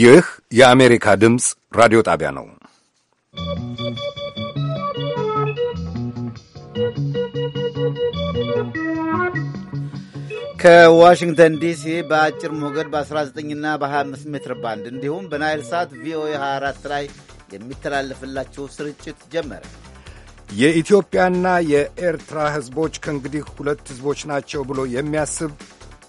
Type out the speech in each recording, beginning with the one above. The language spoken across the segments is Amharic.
ይህ የአሜሪካ ድምፅ ራዲዮ ጣቢያ ነው። ከዋሽንግተን ዲሲ በአጭር ሞገድ በ19ና በ25 ሜትር ባንድ እንዲሁም በናይል ሳት ቪኦኤ 24 ላይ የሚተላለፍላቸው ስርጭት ጀመረ። የኢትዮጵያና የኤርትራ ሕዝቦች ከእንግዲህ ሁለት ሕዝቦች ናቸው ብሎ የሚያስብ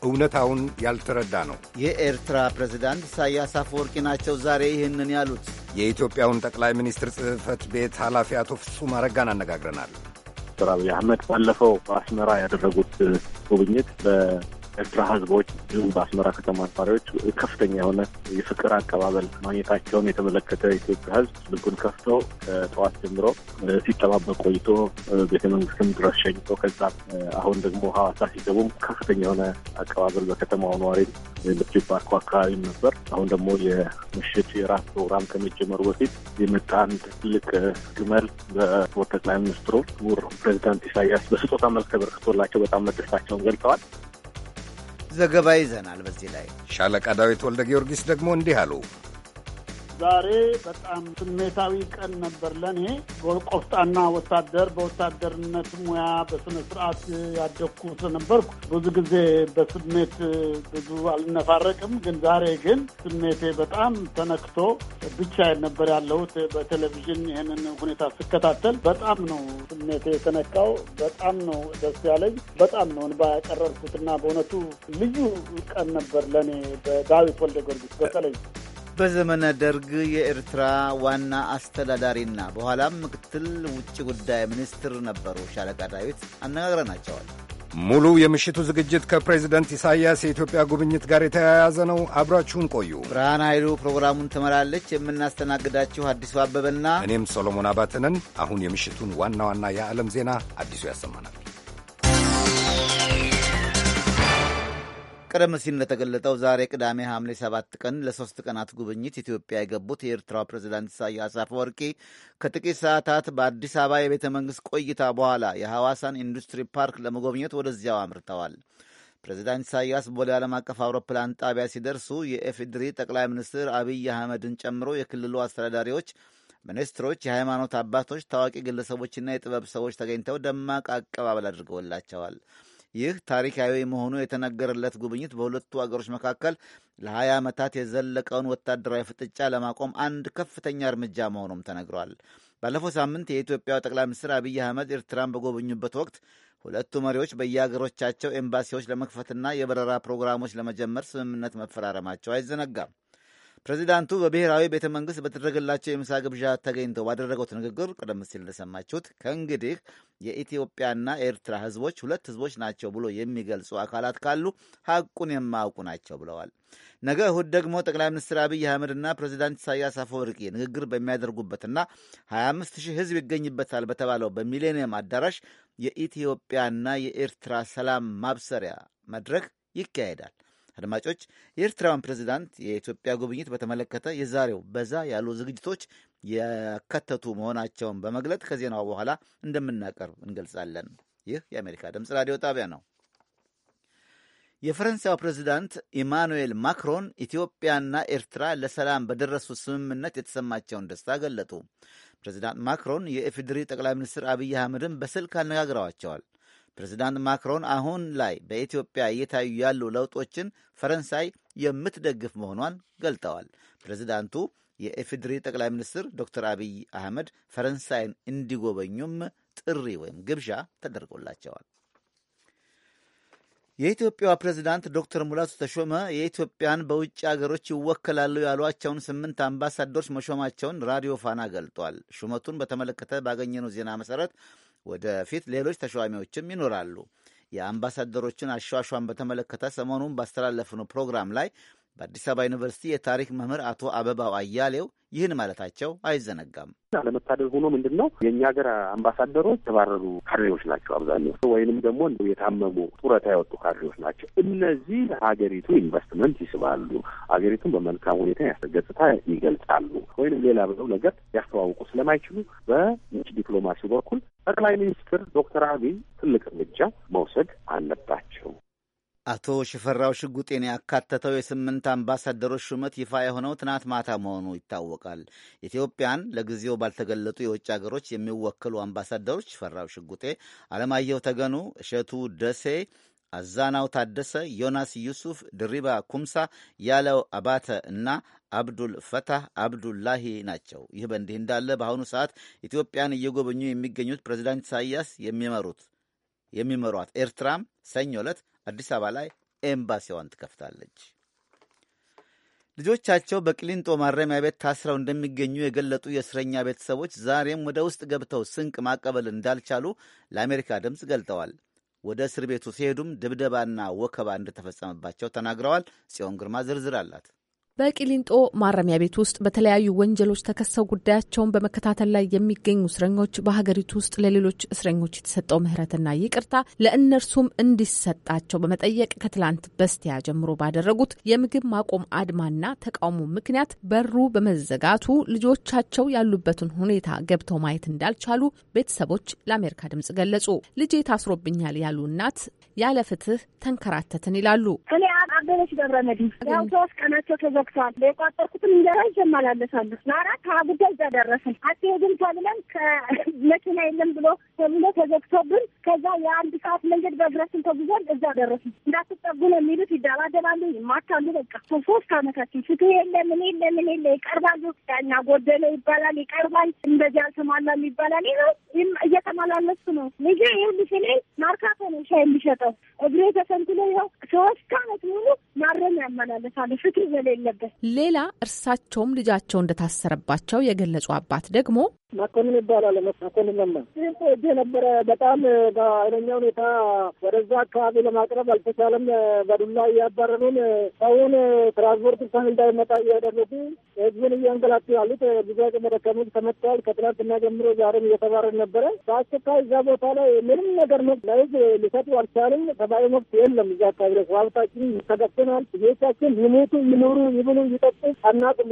እውነታውን ያልተረዳ ነው። የኤርትራ ፕሬዚዳንት ኢሳያስ አፈወርቂ ናቸው ዛሬ ይህንን ያሉት። የኢትዮጵያውን ጠቅላይ ሚኒስትር ጽህፈት ቤት ኃላፊ አቶ ፍጹም አረጋን አነጋግረናል። ዶክተር አብይ አህመድ ባለፈው በአስመራ ያደረጉት ጉብኝት ኤርትራ ህዝቦች እንዲሁም በአስመራ ከተማ ነዋሪዎች ከፍተኛ የሆነ የፍቅር አቀባበል ማግኘታቸውን የተመለከተ ኢትዮጵያ ህዝብ ልቡን ከፍቶ ከጠዋት ጀምሮ ሲጠባበቅ ቆይቶ ቤተ መንግስትም ድረስ ሸኝቶ ከዛ አሁን ደግሞ ሀዋሳ ሲገቡም ከፍተኛ የሆነ አቀባበል በከተማው ነዋሪ ኢንዱስትሪ ፓርኩ አካባቢም ነበር። አሁን ደግሞ የምሽት የራት ፕሮግራም ከመጀመሩ በፊት የመጣ አንድ ትልቅ ግመል በክቡር ጠቅላይ ሚኒስትሩ ክቡር ፕሬዚዳንት ኢሳያስ በስጦታ መልክ ተበርክቶላቸው በጣም መደሰታቸውን ገልጸዋል። ዘገባ ይዘናል። በዚህ ላይ ሻለቃ ዳዊት ወልደ ጊዮርጊስ ደግሞ እንዲህ አሉ። ዛሬ በጣም ስሜታዊ ቀን ነበር ለእኔ። ቆፍጣና ወታደር በወታደርነት ሙያ በስነ ስርዓት ያደግኩ ስለነበርኩ ብዙ ጊዜ በስሜት ብዙ አልነፋረቅም። ግን ዛሬ ግን ስሜቴ በጣም ተነክቶ ብቻዬን ነበር ያለሁት። በቴሌቪዥን ይህንን ሁኔታ ስከታተል በጣም ነው ስሜቴ የተነካው። በጣም ነው ደስ ያለኝ። በጣም ነው እንባ ያቀረርኩትና በእውነቱ ልዩ ቀን ነበር ለእኔ በዳዊት ወልደ ጊዮርጊስ በተለይ በዘመነ ደርግ የኤርትራ ዋና አስተዳዳሪና በኋላም ምክትል ውጭ ጉዳይ ሚኒስትር ነበሩ ሻለቃ ዳዊት አነጋግረናቸዋል። ሙሉ የምሽቱ ዝግጅት ከፕሬዚደንት ኢሳያስ የኢትዮጵያ ጉብኝት ጋር የተያያዘ ነው። አብራችሁን ቆዩ። ብርሃን ኃይሉ ፕሮግራሙን ትመራለች። የምናስተናግዳችሁ አዲሱ አበበና እኔም ሶሎሞን አባተንን። አሁን የምሽቱን ዋና ዋና የዓለም ዜና አዲሱ ያሰማናል። ቀደም ሲል እንደተገለጠው ዛሬ ቅዳሜ ሐምሌ 7 ቀን ለሶስት ቀናት ጉብኝት ኢትዮጵያ የገቡት የኤርትራው ፕሬዚዳንት ኢሳያስ አፈወርቂ ከጥቂት ሰዓታት በአዲስ አበባ የቤተ መንግሥት ቆይታ በኋላ የሐዋሳን ኢንዱስትሪ ፓርክ ለመጎብኘት ወደዚያው አምርተዋል። ፕሬዚዳንት ኢሳያስ ቦሌ ዓለም አቀፍ አውሮፕላን ጣቢያ ሲደርሱ የኤፍድሪ ጠቅላይ ሚኒስትር አብይ አህመድን ጨምሮ የክልሉ አስተዳዳሪዎች፣ ሚኒስትሮች፣ የሃይማኖት አባቶች፣ ታዋቂ ግለሰቦችና የጥበብ ሰዎች ተገኝተው ደማቅ አቀባበል አድርገውላቸዋል። ይህ ታሪካዊ መሆኑ የተነገረለት ጉብኝት በሁለቱ አገሮች መካከል ለ20 ዓመታት የዘለቀውን ወታደራዊ ፍጥጫ ለማቆም አንድ ከፍተኛ እርምጃ መሆኑም ተነግሯል። ባለፈው ሳምንት የኢትዮጵያው ጠቅላይ ሚኒስትር አብይ አህመድ ኤርትራን በጎበኙበት ወቅት ሁለቱ መሪዎች በየአገሮቻቸው ኤምባሲዎች ለመክፈትና የበረራ ፕሮግራሞች ለመጀመር ስምምነት መፈራረማቸው አይዘነጋም። ፕሬዚዳንቱ በብሔራዊ ቤተ መንግሥት በተደረገላቸው የምሳ ግብዣ ተገኝተው ባደረጉት ንግግር ቀደም ሲል እንደሰማችሁት ከእንግዲህ የኢትዮጵያና የኤርትራ ሕዝቦች ሁለት ሕዝቦች ናቸው ብሎ የሚገልጹ አካላት ካሉ ሐቁን የማያውቁ ናቸው ብለዋል። ነገ እሁድ ደግሞ ጠቅላይ ሚኒስትር አብይ አህመድና ፕሬዚዳንት ኢሳያስ አፈወርቂ ንግግር በሚያደርጉበትና 25 ሺህ ሕዝብ ይገኝበታል በተባለው በሚሌኒየም አዳራሽ የኢትዮጵያና የኤርትራ ሰላም ማብሰሪያ መድረክ ይካሄዳል። አድማጮች፣ የኤርትራውን ፕሬዚዳንት የኢትዮጵያ ጉብኝት በተመለከተ የዛሬው በዛ ያሉ ዝግጅቶች ያከተቱ መሆናቸውን በመግለጥ ከዜናው በኋላ እንደምናቀርብ እንገልጻለን። ይህ የአሜሪካ ድምፅ ራዲዮ ጣቢያ ነው። የፈረንሳዩ ፕሬዚዳንት ኢማኑኤል ማክሮን ኢትዮጵያና ኤርትራ ለሰላም በደረሱት ስምምነት የተሰማቸውን ደስታ ገለጡ። ፕሬዚዳንት ማክሮን የኢፌዴሪ ጠቅላይ ሚኒስትር አብይ አህመድን በስልክ አነጋግረዋቸዋል። ፕሬዚዳንት ማክሮን አሁን ላይ በኢትዮጵያ እየታዩ ያሉ ለውጦችን ፈረንሳይ የምትደግፍ መሆኗን ገልጠዋል። ፕሬዚዳንቱ የኢፌዴሪ ጠቅላይ ሚኒስትር ዶክተር አብይ አህመድ ፈረንሳይን እንዲጎበኙም ጥሪ ወይም ግብዣ ተደርጎላቸዋል። የኢትዮጵያ ፕሬዚዳንት ዶክተር ሙላቱ ተሾመ የኢትዮጵያን በውጭ አገሮች ይወከላሉ ያሏቸውን ስምንት አምባሳደሮች መሾማቸውን ራዲዮ ፋና ገልጧል። ሹመቱን በተመለከተ ባገኘነው ዜና መሰረት ወደፊት ሌሎች ተሿሚዎችም ይኖራሉ። የአምባሳደሮችን አሿሿን በተመለከተ ሰሞኑን ባስተላለፍነው ፕሮግራም ላይ በአዲስ አበባ ዩኒቨርሲቲ የታሪክ መምህር አቶ አበባው አያሌው ይህን ማለታቸው አይዘነጋም። አለመታደል ሆኖ ምንድን ነው የእኛ ሀገር አምባሳደሮች የተባረሩ ካድሬዎች ናቸው አብዛኛው፣ ወይንም ደግሞ የታመሙ ጡረታ ያወጡ ካድሬዎች ናቸው። እነዚህ ለሀገሪቱ ኢንቨስትመንት ይስባሉ፣ ሀገሪቱን በመልካም ሁኔታ ያስገጽታ ይገልጻሉ፣ ወይንም ሌላ ብለው ነገር ያስተዋውቁ ስለማይችሉ በውጭ ዲፕሎማሲው በኩል ጠቅላይ ሚኒስትር ዶክተር አብይ ትልቅ እርምጃ መውሰድ አለባቸው። አቶ ሽፈራው ሽጉጤን ያካተተው የስምንት አምባሳደሮች ሹመት ይፋ የሆነው ትናንት ማታ መሆኑ ይታወቃል። ኢትዮጵያን ለጊዜው ባልተገለጡ የውጭ ሀገሮች የሚወክሉ አምባሳደሮች ሽፈራው ሽጉጤ፣ አለማየሁ ተገኑ፣ እሸቱ ደሴ አዛናው ታደሰ፣ ዮናስ ዩሱፍ፣ ድሪባ ኩምሳ፣ ያለው አባተ እና አብዱል ፈታህ አብዱላሂ ናቸው። ይህ በእንዲህ እንዳለ በአሁኑ ሰዓት ኢትዮጵያን እየጎበኙ የሚገኙት ፕሬዚዳንት ኢሳያስ የሚመሩት የሚመሯት ኤርትራም ሰኞ ዕለት አዲስ አበባ ላይ ኤምባሲዋን ትከፍታለች። ልጆቻቸው በቅሊንጦ ማረሚያ ቤት ታስረው እንደሚገኙ የገለጡ የእስረኛ ቤተሰቦች ዛሬም ወደ ውስጥ ገብተው ስንቅ ማቀበል እንዳልቻሉ ለአሜሪካ ድምፅ ገልጠዋል። ወደ እስር ቤቱ ሲሄዱም ድብደባና ወከባ እንደተፈጸመባቸው ተናግረዋል። ጽዮን ግርማ ዝርዝር አላት። በቂሊንጦ ማረሚያ ቤት ውስጥ በተለያዩ ወንጀሎች ተከሰው ጉዳያቸውን በመከታተል ላይ የሚገኙ እስረኞች በሀገሪቱ ውስጥ ለሌሎች እስረኞች የተሰጠው ምህረትና ይቅርታ ለእነርሱም እንዲሰጣቸው በመጠየቅ ከትላንት በስቲያ ጀምሮ ባደረጉት የምግብ ማቆም አድማና ተቃውሞ ምክንያት በሩ በመዘጋቱ ልጆቻቸው ያሉበትን ሁኔታ ገብተው ማየት እንዳልቻሉ ቤተሰቦች ለአሜሪካ ድምጽ ገለጹ። ልጄ ታስሮብኛል ያሉ እናት ያለ ፍትህ ተንከራተትን ይላሉ። እኔ አበበች ገብረመድህን ያው ሶስት ቀናቸው ተወቅተዋል። የቋጠርኩትም እንጀራ ይዤም ናራ ለአራት አቡጋ እዛ ደረስን። አትሄድም ተብለን ከመኪና የለም ብሎ ተብሎ ተዘግቶብን ከዛ የአንድ ሰዓት መንገድ በእግራችን ተጉዘን እዛ ደረስን። እንዳትጠጉ ነው የሚሉት፣ ይደባደባሉ፣ ይማታሉ። በቃ ሶስት አመታችን ፍትህ የለ ምን የለ ምን የለ ይቀርባሉ። ያኛ ጎደለ ይባላል፣ ይቀርባል፣ እንደዚህ አልተሟላም ይባላል። ይህ እየተመላለሱ ነው ልጅ ይኸውልሽ እኔ ማርካቶ ነው ሻይ የሚሸጠው እግሬ ተሰንትሎ ይኸው ሶስት አመት ሙሉ ማረም ያመላለሳሉ ፍትህ የሌለ አለበት። ሌላ እርሳቸውም ልጃቸው እንደታሰረባቸው የገለጹ አባት ደግሞ መኮንን ይባላል። መኮንን መማ ቆጅ ነበረ። በጣም በአይነኛ ሁኔታ ወደዛ አካባቢ ለማቅረብ አልተቻለም። በዱላ እያባረሩን ሰውን ትራንስፖርት እንኳን እንዳይመጣ እያደረጉ ህዝብን እያንገላቱ ያሉት ብዙ አቅመ ደካሞች ተመትተዋል። ከትናንትና ጀምሮ ዛሬም እየተባረር ነበረ። በአስቸኳይ እዛ ቦታ ላይ ምንም ነገር መብት ለህዝብ ሊሰጡ አልቻልም። ሰብአዊ መብት የለም። እዛ አካባቢ ላይ ሀብታችን ይተገፍናል። ልጆቻችን ይሞቱ ይኖሩ ይብሉ ይጠጡ አናውቅም።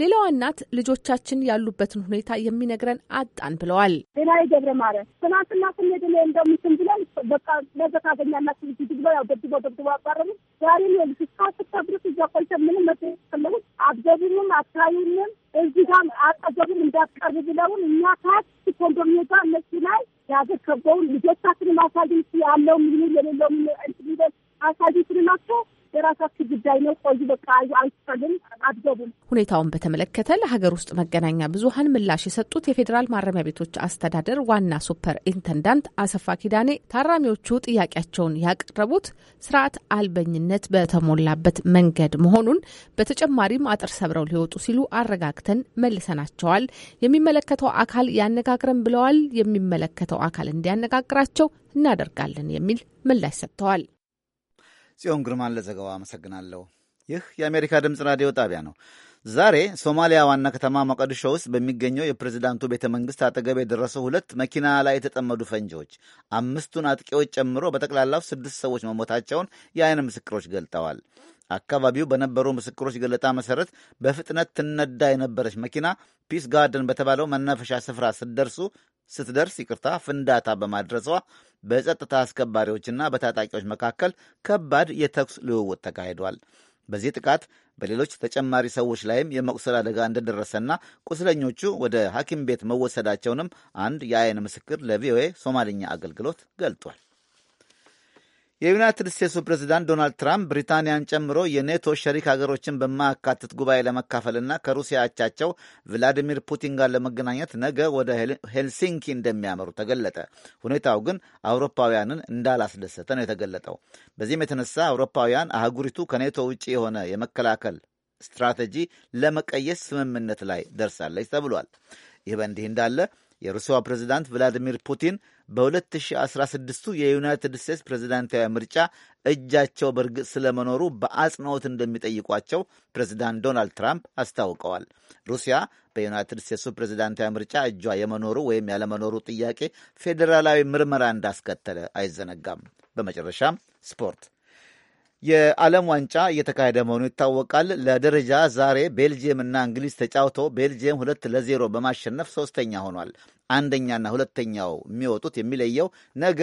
ሌላዋ እናት ልጆቻችን ያሉበትን ሁኔታ የሚነግረን አጣን ብለዋል። ሌላ የገብረ ማርያም ትናንትና ስንሄድ ላይ እንደምትን ብለን በቃ ለዘካገኛላችሁ ልጅ ብሎ ያው ገድቦ ደብድቦ አባረሙ። ዛሬ ልጅ እስካስታ ድረስ እዛ ቆይተን ምንም መ ስለሁ አብዘቡንም አታዩንም፣ እዚህ ጋር አጠገቡን እንዳትቀርብ ብለውን እኛ ታች ኮንዶሚኒየም ጋር እነሱ ላይ ያዘከበውን ልጆቻችን ማሳጅ ያለውም ይሁን የሌለውም እንትን ይበል አሳጅ ስንላቸው የራሳችን ጉዳይ ነው፣ ቆዩ፣ በቃ አይቻልም፣ አትገቡም። ሁኔታውን በተመለከተ ለሀገር ውስጥ መገናኛ ብዙኃን ምላሽ የሰጡት የፌዴራል ማረሚያ ቤቶች አስተዳደር ዋና ሱፐር ኢንተንዳንት አሰፋ ኪዳኔ ታራሚዎቹ ጥያቄያቸውን ያቀረቡት ስርዓት አልበኝነት በተሞላበት መንገድ መሆኑን በተጨማሪም አጥር ሰብረው ሊወጡ ሲሉ አረጋግተን መልሰናቸዋል። የሚመለከተው አካል ያነጋግረን ብለዋል። የሚመለከተው አካል እንዲያነጋግራቸው እናደርጋለን የሚል ምላሽ ሰጥተዋል። ጽዮን ግርማን ለዘገባው አመሰግናለሁ። ይህ የአሜሪካ ድምፅ ራዲዮ ጣቢያ ነው። ዛሬ ሶማሊያ ዋና ከተማ ሞቃዲሾ ውስጥ በሚገኘው የፕሬዚዳንቱ ቤተ መንግስት አጠገብ የደረሰው ሁለት መኪና ላይ የተጠመዱ ፈንጂዎች አምስቱን አጥቂዎች ጨምሮ በጠቅላላው ስድስት ሰዎች መሞታቸውን የአይን ምስክሮች ገልጠዋል። አካባቢው በነበሩ ምስክሮች ገለጣ መሰረት በፍጥነት ትነዳ የነበረች መኪና ፒስ ጋርደን በተባለው መናፈሻ ስፍራ ስትደርሱ ስትደርስ ይቅርታ ፍንዳታ በማድረሷ በጸጥታ አስከባሪዎችና በታጣቂዎች መካከል ከባድ የተኩስ ልውውጥ ተካሂዷል። በዚህ ጥቃት በሌሎች ተጨማሪ ሰዎች ላይም የመቁሰል አደጋ እንደደረሰና ቁስለኞቹ ወደ ሐኪም ቤት መወሰዳቸውንም አንድ የአይን ምስክር ለቪኦኤ ሶማልኛ አገልግሎት ገልጧል። የዩናይትድ ስቴትሱ ፕሬዚዳንት ዶናልድ ትራምፕ ብሪታንያን ጨምሮ የኔቶ ሸሪክ ሀገሮችን በማያካትት ጉባኤ ለመካፈልና ከሩሲያ አቻቸው ቭላዲሚር ፑቲን ጋር ለመገናኘት ነገ ወደ ሄልሲንኪ እንደሚያመሩ ተገለጠ። ሁኔታው ግን አውሮፓውያንን እንዳላስደሰተ ነው የተገለጠው። በዚህም የተነሳ አውሮፓውያን አህጉሪቱ ከኔቶ ውጭ የሆነ የመከላከል ስትራቴጂ ለመቀየስ ስምምነት ላይ ደርሳለች ተብሏል። ይህ በእንዲህ እንዳለ የሩሲያው ፕሬዚዳንት ቭላዲሚር ፑቲን በ2016ቱ የዩናይትድ ስቴትስ ፕሬዚዳንታዊ ምርጫ እጃቸው በእርግጥ ስለመኖሩ በአጽንኦት እንደሚጠይቋቸው ፕሬዚዳንት ዶናልድ ትራምፕ አስታውቀዋል። ሩሲያ በዩናይትድ ስቴትሱ ፕሬዚዳንታዊ ምርጫ እጇ የመኖሩ ወይም ያለመኖሩ ጥያቄ ፌዴራላዊ ምርመራ እንዳስከተለ አይዘነጋም። በመጨረሻም ስፖርት የዓለም ዋንጫ እየተካሄደ መሆኑ ይታወቃል። ለደረጃ ዛሬ ቤልጅየም እና እንግሊዝ ተጫውቶ ቤልጅየም ሁለት ለዜሮ በማሸነፍ ሶስተኛ ሆኗል። አንደኛና ሁለተኛው የሚወጡት የሚለየው ነገ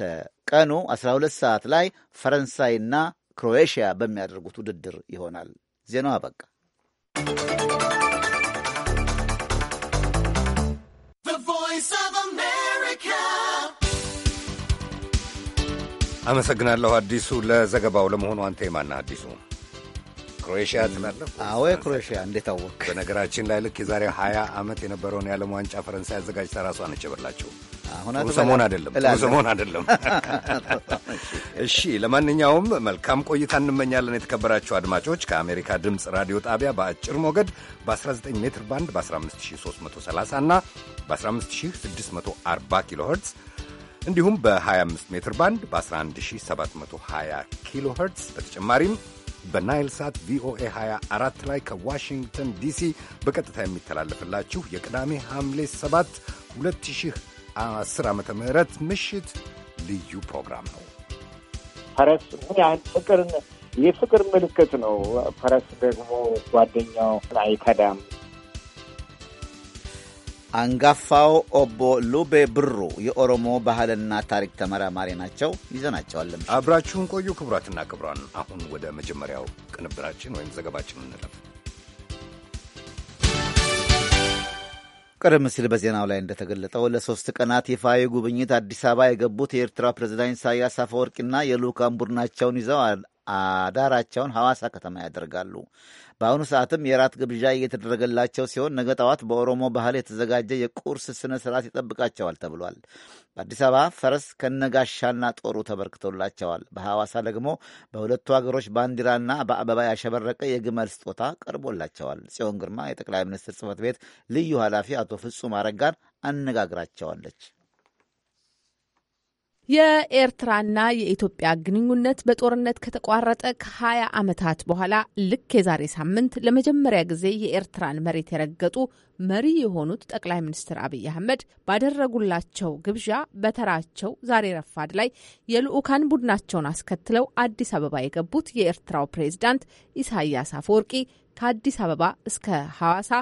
ከቀኑ 12 ሰዓት ላይ ፈረንሳይና ክሮኤሽያ በሚያደርጉት ውድድር ይሆናል። ዜናው አበቃ። አመሰግናለሁ አዲሱ ለዘገባው። ለመሆኑ አንተ የማና አዲሱ ክሮኤሽያ ትላለህ? አዎ ክሮኤሽያ። እንዴት አወቅ? በነገራችን ላይ ልክ የዛሬ ሀያ ዓመት የነበረውን የዓለም ዋንጫ ፈረንሳይ አዘጋጅታ ራሷ ነች ጥሩ ሰሞን አይደለም፣ ጥሩ ሰሞን አይደለም። እሺ፣ ለማንኛውም መልካም ቆይታ እንመኛለን። የተከበራችሁ አድማጮች ከአሜሪካ ድምፅ ራዲዮ ጣቢያ በአጭር ሞገድ በ19 ሜትር ባንድ በ15330 እና በ15640 ኪሎ ኸርትዝ እንዲሁም በ25 ሜትር ባንድ በ11720 ኪሎ ኸርትዝ በተጨማሪም በናይል ሳት ቪኦኤ 24 ላይ ከዋሽንግተን ዲሲ በቀጥታ የሚተላለፍላችሁ የቅዳሜ ሐምሌ 7 2010 ዓ ም ምሽት ልዩ ፕሮግራም ነው። ፈረስ ምን ያህል ፍቅርን የፍቅር ምልክት ነው። ፈረስ ደግሞ ጓደኛው አይከዳም። አንጋፋው ኦቦ ሉቤ ብሩ የኦሮሞ ባህልና ታሪክ ተመራማሪ ናቸው። ይዘናቸዋል። አብራችሁን ቆዩ። ክቡራትና ክቡራን፣ አሁን ወደ መጀመሪያው ቅንብራችን ወይም ዘገባችን እንለፍ። ቀደም ሲል በዜናው ላይ እንደተገለጠው ለሶስት ቀናት ይፋዊ ጉብኝት አዲስ አበባ የገቡት የኤርትራ ፕሬዚዳንት ኢሳያስ አፈወርቂና የልዑካን ቡድናቸውን ይዘው አዳራቸውን ሐዋሳ ከተማ ያደርጋሉ። በአሁኑ ሰዓትም የራት ግብዣ እየተደረገላቸው ሲሆን ነገ ጠዋት በኦሮሞ ባህል የተዘጋጀ የቁርስ ስነ ስርዓት ይጠብቃቸዋል ተብሏል። በአዲስ አበባ ፈረስ ከነጋሻና ጦሩ ተበርክቶላቸዋል። በሐዋሳ ደግሞ በሁለቱ ሀገሮች ባንዲራና በአበባ ያሸበረቀ የግመል ስጦታ ቀርቦላቸዋል። ጽዮን ግርማ የጠቅላይ ሚኒስትር ጽህፈት ቤት ልዩ ኃላፊ አቶ ፍጹም አረጋን አነጋግራቸዋለች። የኤርትራና የኢትዮጵያ ግንኙነት በጦርነት ከተቋረጠ ከ20 ዓመታት በኋላ ልክ የዛሬ ሳምንት ለመጀመሪያ ጊዜ የኤርትራን መሬት የረገጡ መሪ የሆኑት ጠቅላይ ሚኒስትር አብይ አህመድ ባደረጉላቸው ግብዣ በተራቸው ዛሬ ረፋድ ላይ የልዑካን ቡድናቸውን አስከትለው አዲስ አበባ የገቡት የኤርትራው ፕሬዝዳንት ኢሳያስ አፈወርቂ ከአዲስ አበባ እስከ ሐዋሳ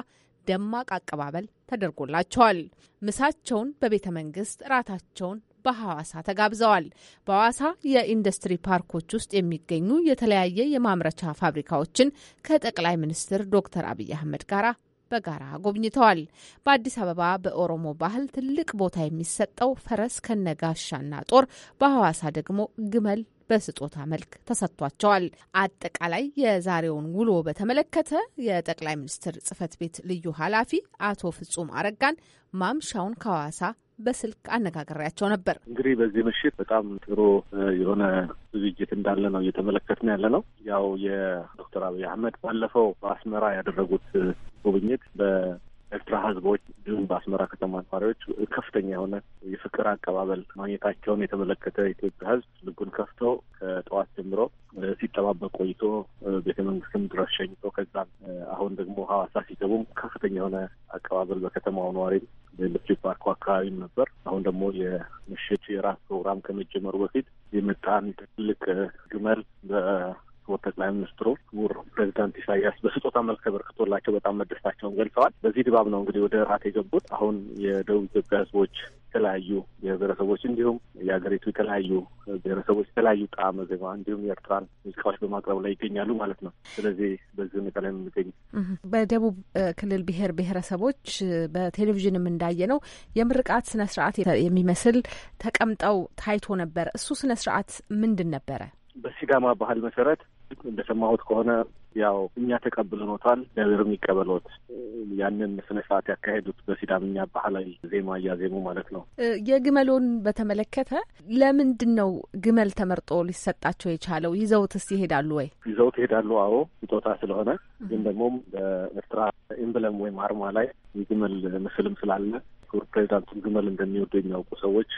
ደማቅ አቀባበል ተደርጎላቸዋል። ምሳቸውን በቤተ መንግስት፣ እራታቸውን በሐዋሳ ተጋብዘዋል። በሐዋሳ የኢንዱስትሪ ፓርኮች ውስጥ የሚገኙ የተለያየ የማምረቻ ፋብሪካዎችን ከጠቅላይ ሚኒስትር ዶክተር አብይ አህመድ ጋር በጋራ ጎብኝተዋል። በአዲስ አበባ በኦሮሞ ባህል ትልቅ ቦታ የሚሰጠው ፈረስ ከነጋሻና ጦር፣ በሐዋሳ ደግሞ ግመል በስጦታ መልክ ተሰጥቷቸዋል። አጠቃላይ የዛሬውን ውሎ በተመለከተ የጠቅላይ ሚኒስትር ጽህፈት ቤት ልዩ ኃላፊ አቶ ፍጹም አረጋን ማምሻውን ከሐዋሳ በስልክ አነጋግሬያቸው ነበር። እንግዲህ በዚህ ምሽት በጣም ጥሩ የሆነ ዝግጅት እንዳለ ነው እየተመለከትን ያለ ነው። ያው የዶክተር አብይ አህመድ ባለፈው በአስመራ ያደረጉት ጉብኝት በ ኤርትራ ህዝቦች እንዲሁም በአስመራ ከተማ ነዋሪዎች ከፍተኛ የሆነ የፍቅር አቀባበል ማግኘታቸውን የተመለከተ ኢትዮጵያ ህዝብ ልቡን ከፍቶ ከጠዋት ጀምሮ ሲጠባበቅ ቆይቶ ቤተ መንግስትም ድረስ ሸኝቶ ከዛም አሁን ደግሞ ሀዋሳ ሲገቡም ከፍተኛ የሆነ አቀባበል በከተማው ነዋሪም በኢንዱስትሪ ፓርኩ አካባቢም ነበር። አሁን ደግሞ የምሽት የራት ፕሮግራም ከመጀመሩ በፊት የመጣን ትልቅ ግመል ክቡር ጠቅላይ ሚኒስትሩ ክቡር ፕሬዚዳንት ኢሳያስ በስጦታ መልክ ተበርክቶላቸው በጣም መደሰታቸውን ገልጸዋል። በዚህ ድባብ ነው እንግዲህ ወደ እራት የገቡት። አሁን የደቡብ ኢትዮጵያ ህዝቦች የተለያዩ የብሔረሰቦች እንዲሁም የሀገሪቱ የተለያዩ ብሔረሰቦች የተለያዩ ጣዕመ ዜማ እንዲሁም የኤርትራን ሙዚቃዎች በማቅረብ ላይ ይገኛሉ ማለት ነው። ስለዚህ በዚህ ሁኔታ ላይ የሚገኝ በደቡብ ክልል ብሔር ብሔረሰቦች በቴሌቪዥንም እንዳየ ነው የምርቃት ስነ ስርዓት የሚመስል ተቀምጠው ታይቶ ነበረ። እሱ ስነ ስርዓት ምንድን ነበረ? በሲዳማ ባህል መሰረት እንደሰማሁት ከሆነ ያው እኛ ተቀብለኖታል እግዚአብሔር የሚቀበሎት ያንን ስነ ስርዓት ያካሄዱት በሲዳምኛ ባህላዊ ዜማ እያዜሙ ማለት ነው። የግመሎን በተመለከተ ለምንድን ነው ግመል ተመርጦ ሊሰጣቸው የቻለው? ይዘውትስ ይሄዳሉ ወይ? ይዘውት ይሄዳሉ። አዎ ስጦታ ስለሆነ። ግን ደግሞም በኤርትራ ኤምብለም ወይም አርማ ላይ የግመል ምስልም ስላለ ክቡር ፕሬዚዳንቱን ግመል እንደሚወዱ የሚያውቁ ሰዎች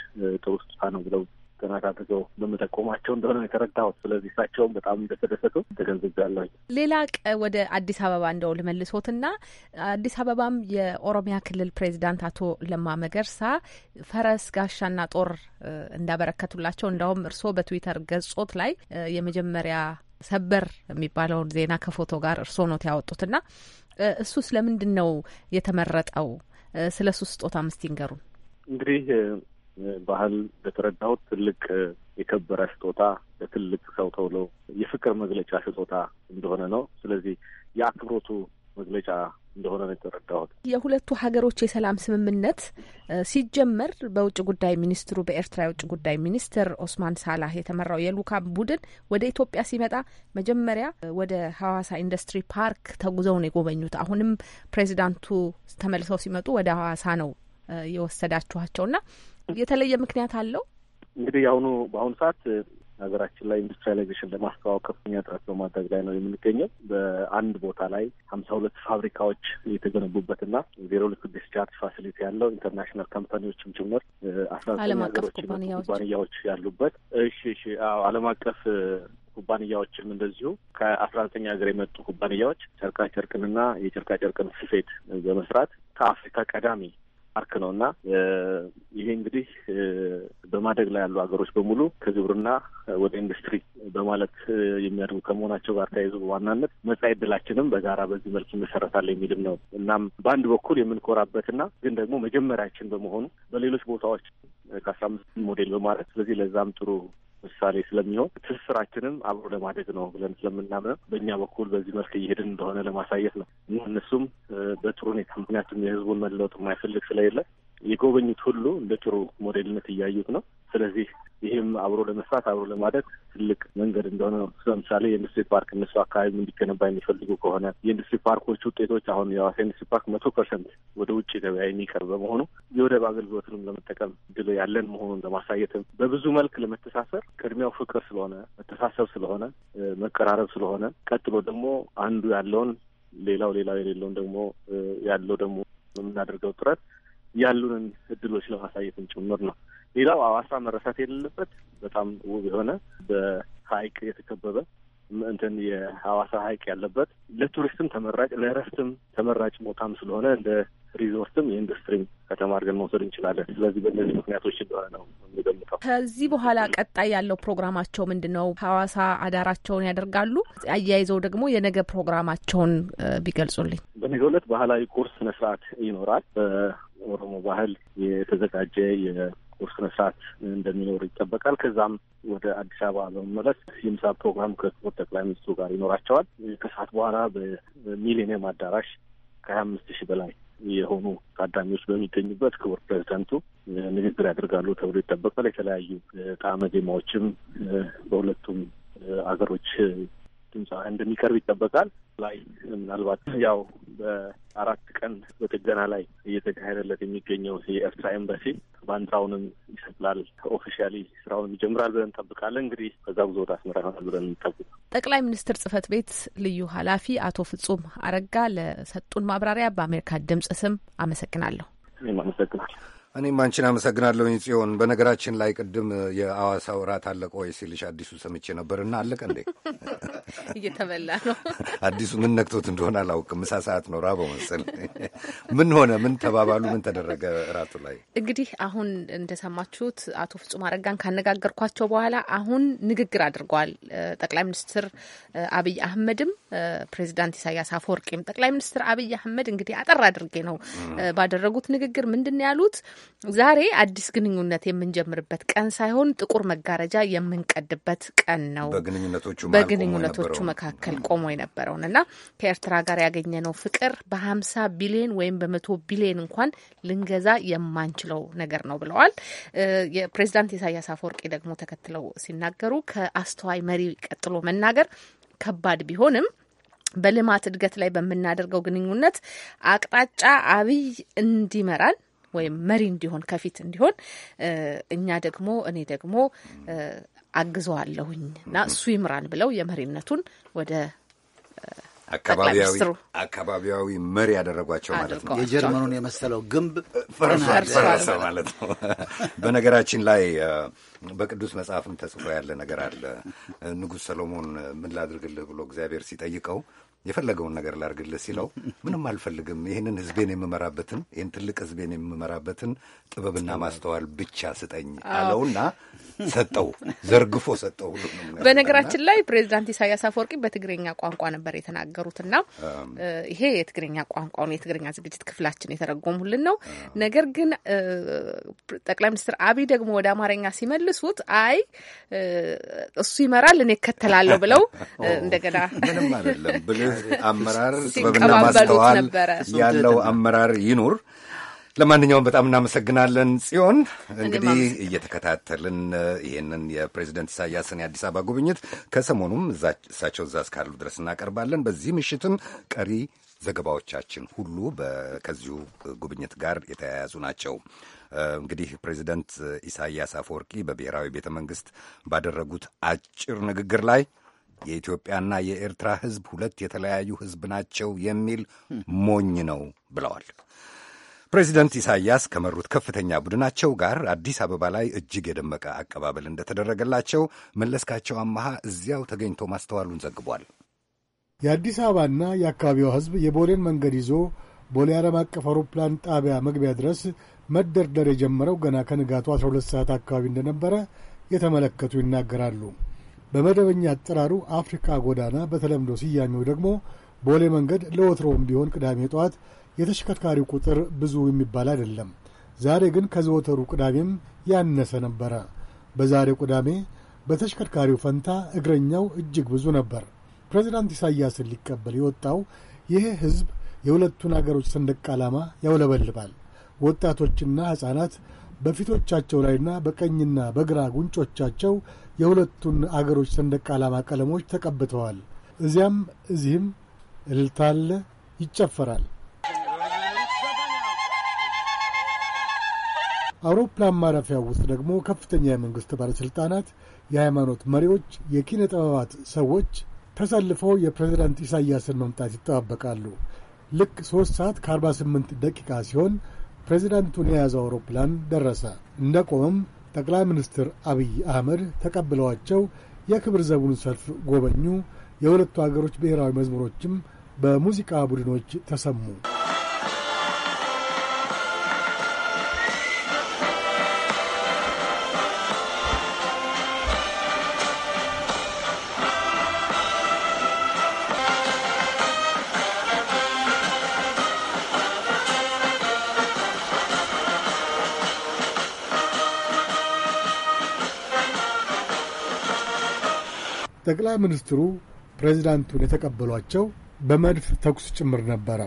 ጥሩ ስጦታ ነው ብለው ጥናት አድርገው በመጠቆማቸው እንደሆነ የተረዳሁት። ስለዚህ እሳቸውም በጣም እንደተደሰቱ ተገንዝቤያለሁ። ሌላ ወደ አዲስ አበባ እንደው ልመልሶትና አዲስ አበባም የኦሮሚያ ክልል ፕሬዚዳንት አቶ ለማ መገርሳ ፈረስ ጋሻና ጦር እንዳበረከቱላቸው እንዳውም እርስዎ በትዊተር ገጾት ላይ የመጀመሪያ ሰበር የሚባለውን ዜና ከፎቶ ጋር እርስዎ ኖት ያወጡትና እሱ ስለምንድን ነው የተመረጠው? ስለ እሱ ስጦታ ምስቲ ይንገሩን። እንግዲህ ባህል በተረዳሁት ትልቅ የከበረ ስጦታ ለትልቅ ሰው ተብሎ የፍቅር መግለጫ ስጦታ እንደሆነ ነው። ስለዚህ የአክብሮቱ መግለጫ እንደሆነ ነው የተረዳሁት። የሁለቱ ሀገሮች የሰላም ስምምነት ሲጀመር በውጭ ጉዳይ ሚኒስትሩ በኤርትራ የውጭ ጉዳይ ሚኒስትር ኦስማን ሳላህ የተመራው የሉካ ቡድን ወደ ኢትዮጵያ ሲመጣ መጀመሪያ ወደ ሀዋሳ ኢንዱስትሪ ፓርክ ተጉዘው ነው የጎበኙት። አሁንም ፕሬዚዳንቱ ተመልሰው ሲመጡ ወደ ሀዋሳ ነው የወሰዳችኋቸውና የተለየ ምክንያት አለው? እንግዲህ የአሁኑ በአሁኑ ሰዓት ሀገራችን ላይ ኢንዱስትሪያላይዜሽን ለማስተዋወቅ ከፍተኛ ጥረት በማድረግ ላይ ነው የምንገኘው። በአንድ ቦታ ላይ ሀምሳ ሁለት ፋብሪካዎች የተገነቡበትና ዜሮ ሊኩድ ዲስቻርጅ ፋሲሊቲ ያለው ኢንተርናሽናል ካምፓኒዎችም ጭምር አስራ ዘጠኝ ኩባንያዎች ያሉበት እሺ፣ እሺ፣ አዎ፣ አቀፍ ኩባንያዎችም እንደዚሁ ከአስራ ዘጠኝ ሀገር የመጡ ኩባንያዎች ጨርቃ ጨርቅንና የጨርቃ ጨርቅን ስፌት በመስራት ከአፍሪካ ቀዳሚ ፓርክ ነው እና ይሄ እንግዲህ በማደግ ላይ ያሉ ሀገሮች በሙሉ ከግብርና ወደ ኢንዱስትሪ በማለት የሚያድጉ ከመሆናቸው ጋር ተያይዞ በዋናነት መጻኢ ዕድላችንም በጋራ በዚህ መልክ ይመሰረታል የሚልም ነው። እናም በአንድ በኩል የምንኮራበትና ግን ደግሞ መጀመሪያችን በመሆኑ በሌሎች ቦታዎች ከአስራ አምስት ሞዴል በማለት ስለዚህ ለዛም ጥሩ ምሳሌ ስለሚሆን ትስስራችንም አብሮ ለማደግ ነው ብለን ስለምናምነው በእኛ በኩል በዚህ መልክ እየሄድን እንደሆነ ለማሳየት ነው። እነሱም በጥሩ ሁኔታ ምክንያቱም የህዝቡን መለወጥ የማይፈልግ ስለሌለ የጎበኙት ሁሉ እንደ ጥሩ ሞዴልነት እያዩት ነው። ስለዚህ ይህም አብሮ ለመስራት አብሮ ለማደግ ትልቅ መንገድ እንደሆነ ነው። ለምሳሌ የኢንዱስትሪ ፓርክ እነሱ አካባቢ እንዲገነባ የሚፈልጉ ከሆነ የኢንዱስትሪ ፓርኮች ውጤቶች አሁን የሐዋሳ ኢንዱስትሪ ፓርክ መቶ ፐርሰንት ወደ ውጭ ገበያ የሚቀርብ በመሆኑ የወደብ አገልግሎትንም ለመጠቀም ድሎ ያለን መሆኑን ለማሳየትም በብዙ መልክ ለመተሳሰር ቅድሚያው ፍቅር ስለሆነ መተሳሰብ ስለሆነ መቀራረብ ስለሆነ ቀጥሎ ደግሞ አንዱ ያለውን ሌላው ሌላው የሌለውን ደግሞ ያለው ደግሞ የምናደርገው ጥረት ያሉንን እድሎች ለማሳየት ጭምር ነው። ሌላው አዋሳ መረሳት የሌለበት በጣም ውብ የሆነ በሀይቅ የተከበበ እንትን የሐዋሳ ሀይቅ ያለበት ለቱሪስትም ተመራጭ ለእረፍትም ተመራጭ ቦታም ስለሆነ እንደ ሪዞርትም የኢንዱስትሪም ከተማ አድርገን መውሰድ እንችላለን። ስለዚህ በእነዚህ ምክንያቶች እንደሆነ ነው የሚገምተው። ከዚህ በኋላ ቀጣይ ያለው ፕሮግራማቸው ምንድን ነው? ሐዋሳ አዳራቸውን ያደርጋሉ። አያይዘው ደግሞ የነገ ፕሮግራማቸውን ቢገልጹልኝ። በነገ ዕለት ባህላዊ ቁርስ ስነስርዓት ይኖራል። በኦሮሞ ባህል የተዘጋጀ ቁርስ፣ ምሳት እንደሚኖር ይጠበቃል። ከዛም ወደ አዲስ አበባ በመመለስ የምሳ ፕሮግራም ከክቡር ጠቅላይ ሚኒስትሩ ጋር ይኖራቸዋል። ከሰዓት በኋላ በሚሊኒየም አዳራሽ ከሀያ አምስት ሺህ በላይ የሆኑ ታዳሚዎች በሚገኙበት ክቡር ፕሬዚደንቱ ንግግር ያደርጋሉ ተብሎ ይጠበቃል። የተለያዩ ጣዕመ ዜማዎችም በሁለቱም አገሮች ድምፃ እንደሚቀርብ ይጠበቃል ላይ ምናልባት ያው በአራት ቀን በጥገና ላይ እየተካሄደለት የሚገኘው የኤርትራ ኤምባሲ ባንዲራውንም ይሰቅላል፣ ኦፊሻሊ ስራውን ይጀምራል ብለን እንጠብቃለን። እንግዲህ በዛ ጉዞ ወደ አስመራ ይሆናል ብለን እንጠብቅ። ጠቅላይ ሚኒስትር ጽህፈት ቤት ልዩ ኃላፊ አቶ ፍጹም አረጋ ለሰጡን ማብራሪያ በአሜሪካ ድምጽ ስም አመሰግናለሁ። እኔም አመሰግናለሁ። እኔም አንቺን አመሰግናለሁኝ ጽዮን። በነገራችን ላይ ቅድም የአዋሳ ወራት አለቀ ወይ ሲልሽ አዲሱ ሰምቼ ነበርና አለቀ እንዴ? እየተበላ ነው። አዲሱ ምን ነክቶት እንደሆነ አላውቅም። ምሳ ሰዓት ነው፣ ራበው መሰለኝ። ምን ሆነ? ምን ተባባሉ? ምን ተደረገ እራቱ ላይ? እንግዲህ አሁን እንደሰማችሁት አቶ ፍጹም አረጋን ካነጋገርኳቸው በኋላ አሁን ንግግር አድርገዋል። ጠቅላይ ሚኒስትር አብይ አህመድም ፕሬዚዳንት ኢሳያስ አፈወርቂም። ጠቅላይ ሚኒስትር አብይ አህመድ እንግዲህ አጠር አድርጌ ነው ባደረጉት ንግግር ምንድን ያሉት ዛሬ አዲስ ግንኙነት የምንጀምርበት ቀን ሳይሆን ጥቁር መጋረጃ የምንቀድበት ቀን ነው። በግንኙነቶቹ መካከል ቆሞ የነበረውን እና ከኤርትራ ጋር ያገኘነው ፍቅር በሀምሳ ቢሊዮን ወይም በመቶ ቢሊዮን እንኳን ልንገዛ የማንችለው ነገር ነው ብለዋል። የፕሬዚዳንት ኢሳያስ አፈወርቂ ደግሞ ተከትለው ሲናገሩ ከአስተዋይ መሪ ቀጥሎ መናገር ከባድ ቢሆንም በልማት እድገት ላይ በምናደርገው ግንኙነት አቅጣጫ አብይ እንዲመራን ወይም መሪ እንዲሆን ከፊት እንዲሆን እኛ ደግሞ እኔ ደግሞ አግዘዋለሁኝ እና እሱ ይምራን ብለው የመሪነቱን ወደ አካባቢያዊ መሪ ያደረጓቸው ማለት ነው። የጀርመኑን የመሰለው ግንብ ፈረሰ ማለት ነው። በነገራችን ላይ በቅዱስ መጽሐፍም ተጽፎ ያለ ነገር አለ። ንጉሥ ሰሎሞን ምን ላድርግልህ ብሎ እግዚአብሔር ሲጠይቀው የፈለገውን ነገር ላርግልህ ሲለው ምንም አልፈልግም፣ ይህንን ህዝቤን የምመራበትን ይህን ትልቅ ህዝቤን የምመራበትን ጥበብና ማስተዋል ብቻ ስጠኝ አለውና ሰጠው፣ ዘርግፎ ሰጠው። በነገራችን ላይ ፕሬዚዳንት ኢሳያስ አፈወርቂ በትግርኛ ቋንቋ ነበር የተናገሩትና ይሄ የትግርኛ ነው የትግርኛ ዝግጅት ክፍላችን የተረጎሙልን ነው። ነገር ግን ጠቅላይ ሚኒስትር አብይ ደግሞ ወደ አማርኛ ሲመልሱት አይ እሱ ይመራል እኔ እከተላለሁ ብለው እንደገና ምንም አይደለም ብልህ አመራር ጥበብና ማስተዋል ያለው አመራር ይኑር። ለማንኛውም በጣም እናመሰግናለን ጽዮን። እንግዲህ እየተከታተልን ይህንን የፕሬዚደንት ኢሳያስን የአዲስ አበባ ጉብኝት ከሰሞኑም እሳቸው እዛ እስካሉ ድረስ እናቀርባለን። በዚህ ምሽትም ቀሪ ዘገባዎቻችን ሁሉ ከዚሁ ጉብኝት ጋር የተያያዙ ናቸው። እንግዲህ ፕሬዚደንት ኢሳያስ አፈወርቂ በብሔራዊ ቤተ መንግስት ባደረጉት አጭር ንግግር ላይ የኢትዮጵያና የኤርትራ ህዝብ ሁለት የተለያዩ ህዝብ ናቸው የሚል ሞኝ ነው ብለዋል። ፕሬዚደንት ኢሳያስ ከመሩት ከፍተኛ ቡድናቸው ጋር አዲስ አበባ ላይ እጅግ የደመቀ አቀባበል እንደተደረገላቸው መለስካቸው አመሃ እዚያው ተገኝቶ ማስተዋሉን ዘግቧል። የአዲስ አበባና የአካባቢው ሕዝብ የቦሌን መንገድ ይዞ ቦሌ ዓለም አቀፍ አውሮፕላን ጣቢያ መግቢያ ድረስ መደርደር የጀመረው ገና ከንጋቱ 12 ሰዓት አካባቢ እንደነበረ የተመለከቱ ይናገራሉ። በመደበኛ አጠራሩ አፍሪካ ጎዳና በተለምዶ ስያሜው ደግሞ ቦሌ መንገድ ለወትሮውም ቢሆን ቅዳሜ ጠዋት የተሽከርካሪው ቁጥር ብዙ የሚባል አይደለም። ዛሬ ግን ከዘወተሩ ቅዳሜም ያነሰ ነበረ። በዛሬው ቅዳሜ በተሽከርካሪው ፈንታ እግረኛው እጅግ ብዙ ነበር። ፕሬዚዳንት ኢሳያስን ሊቀበል የወጣው ይህ ሕዝብ የሁለቱን አገሮች ሰንደቅ ዓላማ ያውለበልባል። ወጣቶችና ሕፃናት በፊቶቻቸው ላይና በቀኝና በግራ ጉንጮቻቸው የሁለቱን አገሮች ሰንደቅ ዓላማ ቀለሞች ተቀብተዋል። እዚያም እዚህም እልልታ አለ፣ ይጨፈራል። አውሮፕላን ማረፊያው ውስጥ ደግሞ ከፍተኛ የመንግሥት ባለሥልጣናት፣ የሃይማኖት መሪዎች፣ የኪነ ጥበባት ሰዎች ተሰልፈው የፕሬዝዳንት ኢሳያስን መምጣት ይጠባበቃሉ። ልክ ሦስት ሰዓት ከ48 ደቂቃ ሲሆን ፕሬዚዳንቱን የያዘው አውሮፕላን ደረሰ። እንደ ቆመም ጠቅላይ ሚኒስትር አብይ አህመድ ተቀብለዋቸው የክብር ዘቡን ሰልፍ ጎበኙ። የሁለቱ አገሮች ብሔራዊ መዝሙሮችም በሙዚቃ ቡድኖች ተሰሙ። ጠቅላይ ሚኒስትሩ ፕሬዚዳንቱን የተቀበሏቸው በመድፍ ተኩስ ጭምር ነበረ።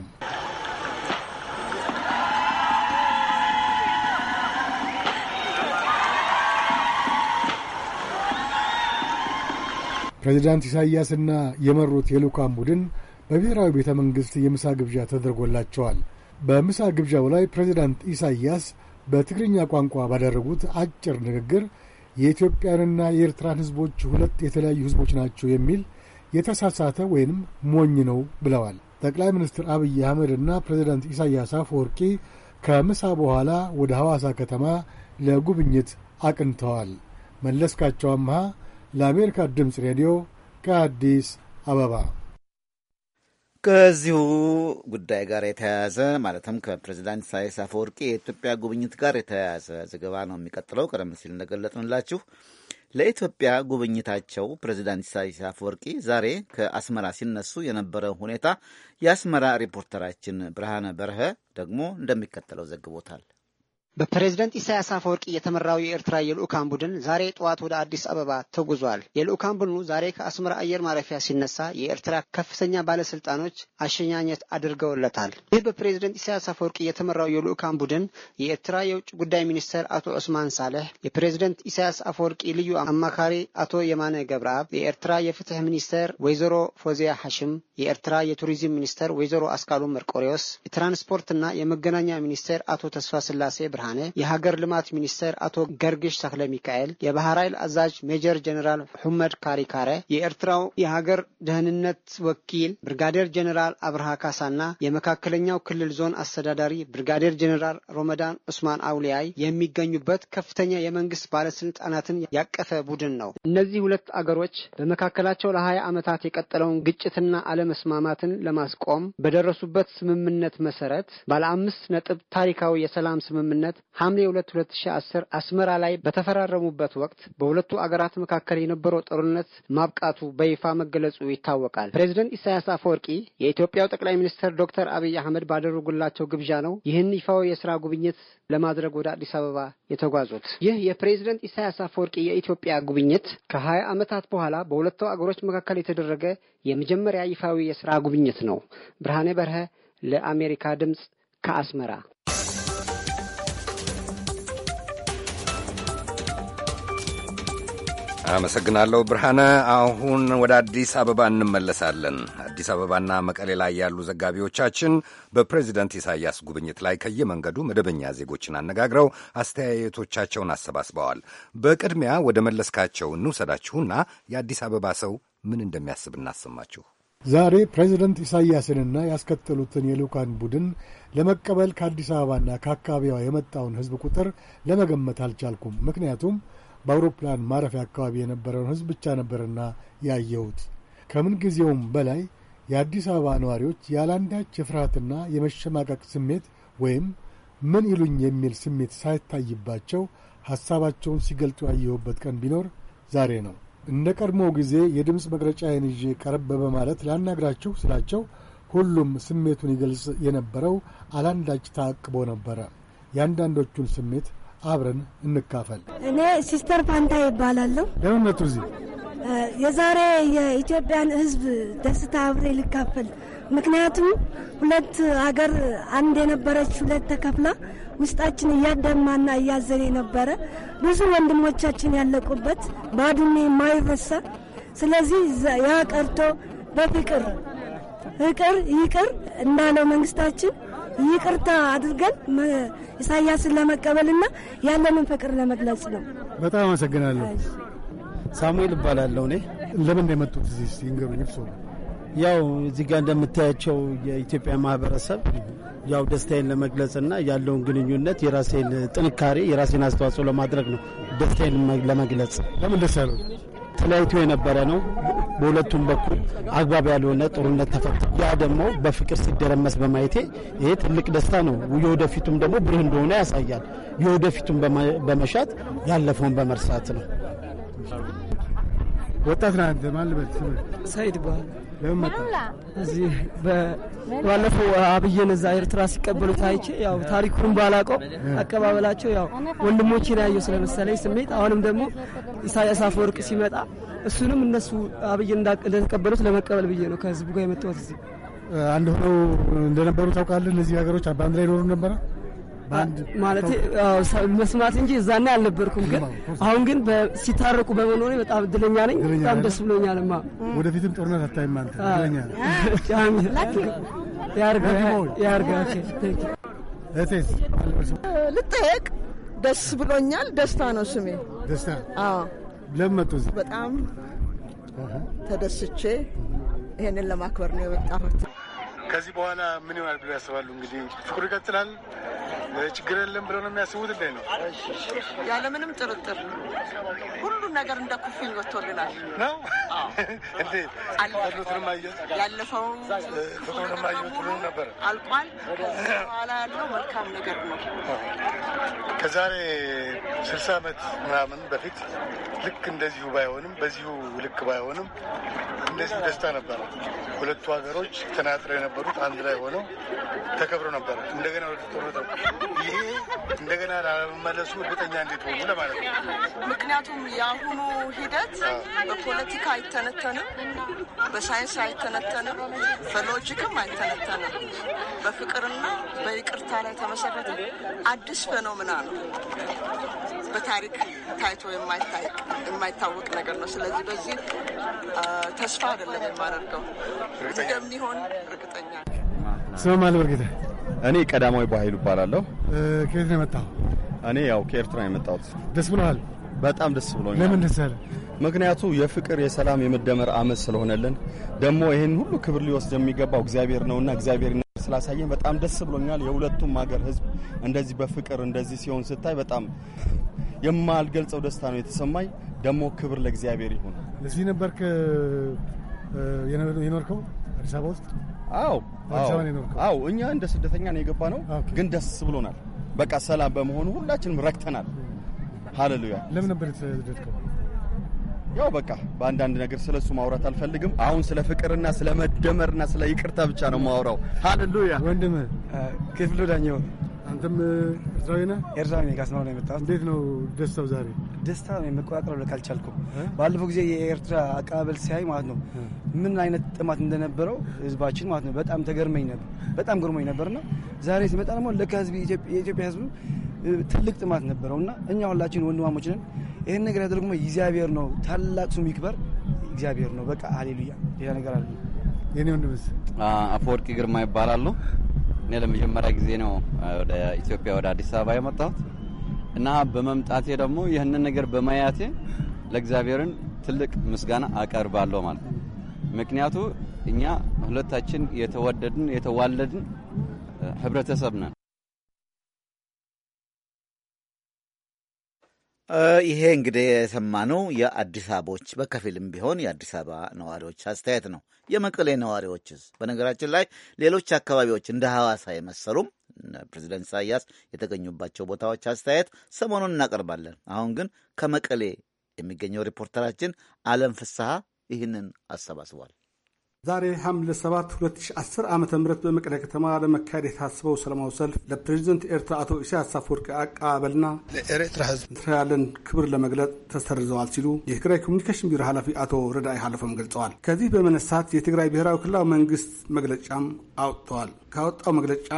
ፕሬዚዳንት ኢሳይያስና የመሩት የልዑካን ቡድን በብሔራዊ ቤተ መንግሥት የምሳ ግብዣ ተደርጎላቸዋል። በምሳ ግብዣው ላይ ፕሬዚዳንት ኢሳይያስ በትግርኛ ቋንቋ ባደረጉት አጭር ንግግር የኢትዮጵያንና የኤርትራን ህዝቦች ሁለት የተለያዩ ህዝቦች ናቸው የሚል የተሳሳተ ወይንም ሞኝ ነው ብለዋል። ጠቅላይ ሚኒስትር አብይ አህመድና ፕሬዚዳንት ኢሳያስ አፈወርቂ ከምሳ በኋላ ወደ ሐዋሳ ከተማ ለጉብኝት አቅንተዋል። መለስካቸው አምሃ ለአሜሪካ ድምፅ ሬዲዮ ከአዲስ አበባ ከዚሁ ጉዳይ ጋር የተያያዘ ማለትም ከፕሬዚዳንት ኢሳያስ አፈወርቂ የኢትዮጵያ ጉብኝት ጋር የተያያዘ ዘገባ ነው የሚቀጥለው። ቀደም ሲል እንደገለጥንላችሁ ለኢትዮጵያ ጉብኝታቸው ፕሬዚዳንት ኢሳያስ አፈወርቂ ዛሬ ከአስመራ ሲነሱ የነበረ ሁኔታ የአስመራ ሪፖርተራችን ብርሃነ በረሀ ደግሞ እንደሚከተለው ዘግቦታል። በፕሬዝደንት ኢሳያስ አፈወርቂ የተመራው የኤርትራ የልዑካን ቡድን ዛሬ ጠዋት ወደ አዲስ አበባ ተጉዟል። የልዑካን ቡድኑ ዛሬ ከአስመራ አየር ማረፊያ ሲነሳ የኤርትራ ከፍተኛ ባለስልጣኖች አሸኛኘት አድርገውለታል። ይህ በፕሬዝደንት ኢሳያስ አፈወርቂ የተመራው የልዑካን ቡድን የኤርትራ የውጭ ጉዳይ ሚኒስትር አቶ ዑስማን ሳልሕ፣ የፕሬዝደንት ኢሳያስ አፈወርቂ ልዩ አማካሪ አቶ የማነ ገብረአብ፣ የኤርትራ የፍትህ ሚኒስትር ወይዘሮ ፎዚያ ሐሽም፣ የኤርትራ የቱሪዝም ሚኒስትር ወይዘሮ አስካሉ መርቆሪዎስ፣ የትራንስፖርትና የመገናኛ ሚኒስትር አቶ ተስፋ ስላሴ ብርሃነ፣ የሀገር ልማት ሚኒስቴር አቶ ገርግሽ ተክለ ሚካኤል፣ የባህር ኃይል አዛዥ ሜጀር ጀኔራል ሑመድ ካሪካረ፣ የኤርትራው የሀገር ደህንነት ወኪል ብርጋዴር ጀኔራል አብርሃ ካሳና የመካከለኛው ክልል ዞን አስተዳዳሪ ብርጋዴር ጀኔራል ሮመዳን ዑስማን አውሊያይ የሚገኙበት ከፍተኛ የመንግስት ባለስልጣናትን ያቀፈ ቡድን ነው። እነዚህ ሁለት አገሮች በመካከላቸው ለሀያ ዓመታት የቀጠለውን ግጭትና አለመስማማትን ለማስቆም በደረሱበት ስምምነት መሰረት ባለ አምስት ነጥብ ታሪካዊ የሰላም ስምምነት ዓመት ሐምሌ 2 2010 አስመራ ላይ በተፈራረሙበት ወቅት በሁለቱ አገራት መካከል የነበረው ጦርነት ማብቃቱ በይፋ መገለጹ ይታወቃል። ፕሬዚደንት ኢሳያስ አፈወርቂ የኢትዮጵያው ጠቅላይ ሚኒስትር ዶክተር አብይ አህመድ ባደረጉላቸው ግብዣ ነው ይህን ይፋዊ የስራ ጉብኝት ለማድረግ ወደ አዲስ አበባ የተጓዙት። ይህ የፕሬዚደንት ኢሳያስ አፈወርቂ የኢትዮጵያ ጉብኝት ከ20 ዓመታት በኋላ በሁለቱ አገሮች መካከል የተደረገ የመጀመሪያ ይፋዊ የስራ ጉብኝት ነው። ብርሃኔ በርሀ ለአሜሪካ ድምፅ ከአስመራ አመሰግናለሁ ብርሃነ። አሁን ወደ አዲስ አበባ እንመለሳለን። አዲስ አበባና መቀሌ ላይ ያሉ ዘጋቢዎቻችን በፕሬዚደንት ኢሳያስ ጉብኝት ላይ ከየመንገዱ መደበኛ ዜጎችን አነጋግረው አስተያየቶቻቸውን አሰባስበዋል። በቅድሚያ ወደ መለስካቸው እንውሰዳችሁና የአዲስ አበባ ሰው ምን እንደሚያስብ እናሰማችሁ። ዛሬ ፕሬዚደንት ኢሳያስንና ያስከተሉትን የልዑካን ቡድን ለመቀበል ከአዲስ አበባና ከአካባቢዋ የመጣውን ሕዝብ ቁጥር ለመገመት አልቻልኩም። ምክንያቱም በአውሮፕላን ማረፊያ አካባቢ የነበረውን ሕዝብ ብቻ ነበርና ያየሁት። ከምን ጊዜውም በላይ የአዲስ አበባ ነዋሪዎች ያለአንዳች የፍርሃትና የመሸማቀቅ ስሜት ወይም ምን ይሉኝ የሚል ስሜት ሳይታይባቸው ሐሳባቸውን ሲገልጡ ያየሁበት ቀን ቢኖር ዛሬ ነው። እንደ ቀድሞ ጊዜ የድምፅ መቅረጫዬን ይዤ ቀረብ በማለት ላናግራችሁ ስላቸው ሁሉም ስሜቱን ይገልጽ የነበረው አላንዳች ታቅቦ ነበረ። የአንዳንዶቹን ስሜት አብረን እንካፈል። እኔ ሲስተር ፋንታ ይባላለሁ። መጡ እዚህ የዛሬ የኢትዮጵያን ሕዝብ ደስታ አብሬ ልካፈል። ምክንያቱም ሁለት አገር አንድ የነበረች ሁለት ተከፍላ ውስጣችን እያደማና እያዘን የነበረ ብዙ ወንድሞቻችን ያለቁበት ባድሜ የማይረሳ ስለዚህ ያ ቀርቶ በፍቅር ፍቅር ይቅር እንዳለው መንግስታችን ይቅርታ አድርገን ኢሳያስን ለመቀበልና ያለንን ፍቅር ለመግለጽ ነው። በጣም አመሰግናለሁ። ሳሙኤል እባላለሁ። እኔ ለምን ነው የመጡት እዚህ? እስኪ ያው እዚህ ጋር እንደምታያቸው የኢትዮጵያ ማህበረሰብ ያው ደስታዬን ለመግለጽና ያለውን ግንኙነት የራሴን ጥንካሬ የራሴን አስተዋጽኦ ለማድረግ ነው። ደስታዬን ለመግለጽ ለምን ደስ ያለው ተለያይቶ የነበረ ነው። በሁለቱም በኩል አግባብ ያልሆነ ጦርነት ተፈታ። ያ ደግሞ በፍቅር ሲደረመስ በማየቴ ይሄ ትልቅ ደስታ ነው። የወደፊቱም ደግሞ ብሩህ እንደሆነ ያሳያል። የወደፊቱም በመሻት ያለፈውን በመርሳት ነው። ወጣት ነህ አንተ። ማን ልበል? ሰይድ ይባላል። እዚህ ባለፈው አብይን እዛ ኤርትራ ሲቀበሉት አይቼ ያው ታሪኩን ባላቀው አቀባበላቸው ያው ወንድሞቼን ያየው ስለመሰለኝ ስሜት አሁንም ደግሞ ኢሳያስ አፈወርቅ ሲመጣ እሱንም እነሱ አብይን እንደተቀበሉት ለመቀበል ብዬ ነው ከህዝቡ ጋር የመጣሁት። እዚህ አንድ ሆነው እንደነበሩ ታውቃለህ። እነዚህ ሀገሮች ላይ ይኖሩ ነበረ። ማለት መስማት እንጂ እዛኔ አልነበርኩም። ግን አሁን ግን ሲታረቁ በመኖሬ በጣም እድለኛ ነኝ። በጣም ደስ ብሎኛል። ማ ወደፊትም ጦርነት አታይም አንተ ልጠየቅ ደስ ብሎኛል። ደስታ ነው ስሜ። ደስታ ለመጡ በጣም ተደስቼ ይሄንን ለማክበር ነው የመጣሁት። ከዚህ በኋላ ምን ይሆናል ብለው ያስባሉ? እንግዲህ ፍቅሩ ይቀጥላል፣ ችግር የለም ብለው ነው የሚያስቡት። እንደ ነው ያለምንም ጥርጥር ሁሉን ነገር እንደ ኩፍኝ ወጥቶልናል ነው ያለፈው ነበር አልቋል። በኋላ ያለው መልካም ነገር ነው። ከዛሬ ስልሳ ዓመት ምናምን በፊት ልክ እንደዚሁ ባይሆንም በዚሁ ልክ ባይሆንም እንደዚሁ ደስታ ነበረ። ሁለቱ ሀገሮች ተናጥረው የነበሩት አንድ ላይ ሆነው ተከብሮ ነበረ። እንደገና ወደ ጦርነት ይሄ እንደገና ላለመመለሱ እርግጠኛ እንዴት ሆኑ ለማለት ነው። ምክንያቱም የአሁኑ ሂደት በፖለቲካ አይተነተንም፣ በሳይንስ አይተነተንም፣ በሎጂክም አይተነተንም። በፍቅርና በይቅርታ ላይ ተመሰረተ አዲስ ፌኖምና ነው። በታሪክ ታይቶ የማይታወቅ ነገር ነው። ስለዚህ በዚህ ተስፋ አይደለም የማደርገው እንደሚሆን እርግጠኛ ስመማለ በርጌታ እኔ ቀዳማዊ በኃይሉ እባላለሁ። ከየት ነው የመጣው? እኔ ያው ከኤርትራ የመጣሁት። ደስ ብለዋል? በጣም ደስ ብሎኛል። ለምን ደስ አለ? ምክንያቱ የፍቅር የሰላም የመደመር አመት ስለሆነልን ደግሞ ይህን ሁሉ ክብር ሊወስድ የሚገባው እግዚአብሔር ነውና እግዚአብሔር ስላሳየን በጣም ደስ ብሎኛል። የሁለቱም ሀገር ህዝብ እንደዚህ በፍቅር እንደዚህ ሲሆን ስታይ በጣም የማልገልጸው ደስታ ነው የተሰማኝ። ደግሞ ክብር ለእግዚአብሔር ይሁን። እዚህ ነበርክ የኖርከው አዲስ አበባ ውስጥ? አዎ አዎ፣ እኛ እንደ ስደተኛ ነው የገባ ነው፣ ግን ደስ ብሎናል። በቃ ሰላም በመሆኑ ሁላችንም ረክተናል። ሀሌሉያ። ለምን ነበር የተደድከው? ያው በቃ በአንዳንድ ነገር ስለ እሱ ማውራት አልፈልግም። አሁን ስለ ፍቅርና ስለ መደመርና ስለ ይቅርታ ብቻ ነው ማውራው። ሀሌሉያ። ወንድም ክፍሉ ዳኛው አንተም ኤርትራዊ ነህ? ኤርትራዊ ነኝ። ካስማራ ነው የመጣሁት። እንዴት ነው ደስታው ዛሬ? ደስታ መቆጣጠር በቃ አልቻልኩም። ባለፈው ጊዜ የኤርትራ አቀባበል ሲያይ ማለት ነው ምን አይነት ጥማት እንደነበረው ህዝባችን ማለት ነው በጣም ተገርመኝ ነበር፣ በጣም ገርሞኝ ነበርና ዛሬ ሲመጣ ደግሞ ለካ ህዝብ የኢትዮጵያ ህዝብ ትልቅ ጥማት ነበረው እና እኛ ሁላችን ወንድማሞች ነን። ይህን ነገር ያደረጉ እግዚአብሔር ነው። ታላቅ ሱም ይክበር እግዚአብሔር ነው። በቃ ሀሌሉያ። ሌላ ነገር አለ። የኔ ወንድምስ አፈወርቂ ግርማ ይባላሉ። እኔ ለመጀመሪያ ጊዜ ነው ወደ ኢትዮጵያ ወደ አዲስ አበባ የመጣሁት እና በመምጣቴ ደግሞ ይህንን ነገር በማያቴ ለእግዚአብሔርን ትልቅ ምስጋና አቀርባለሁ ማለት ነው። ምክንያቱ እኛ ሁለታችን የተወደድን የተዋለድን ህብረተሰብ ነን። ይሄ እንግዲህ የሰማነው የአዲስ አበቦች በከፊልም ቢሆን የአዲስ አበባ ነዋሪዎች አስተያየት ነው። የመቀሌ ነዋሪዎችስ? በነገራችን ላይ ሌሎች አካባቢዎች እንደ ሐዋሳ የመሰሉም ፕሬዚደንት ኢሳያስ የተገኙባቸው ቦታዎች አስተያየት ሰሞኑን እናቀርባለን። አሁን ግን ከመቀሌ የሚገኘው ሪፖርተራችን አለም ፍስሐ ይህንን አሰባስቧል። ዛሬ ሐምሌ 7 2010 ዓ ም በመቀለ ከተማ ለመካሄድ የታስበው ሰላማዊ ሰልፍ ለፕሬዚደንት ኤርትራ አቶ ኢሳያስ አፈወርቂ አቀባበልና ለኤርትራ ህዝብ ያለን ክብር ለመግለጽ ተሰርዘዋል ሲሉ የትግራይ ኮሚኒኬሽን ቢሮ ኃላፊ አቶ ረዳይ ሃለፎም ገልጸዋል። ከዚህ በመነሳት የትግራይ ብሔራዊ ክልላዊ መንግስት መግለጫም አውጥተዋል። ካወጣው መግለጫ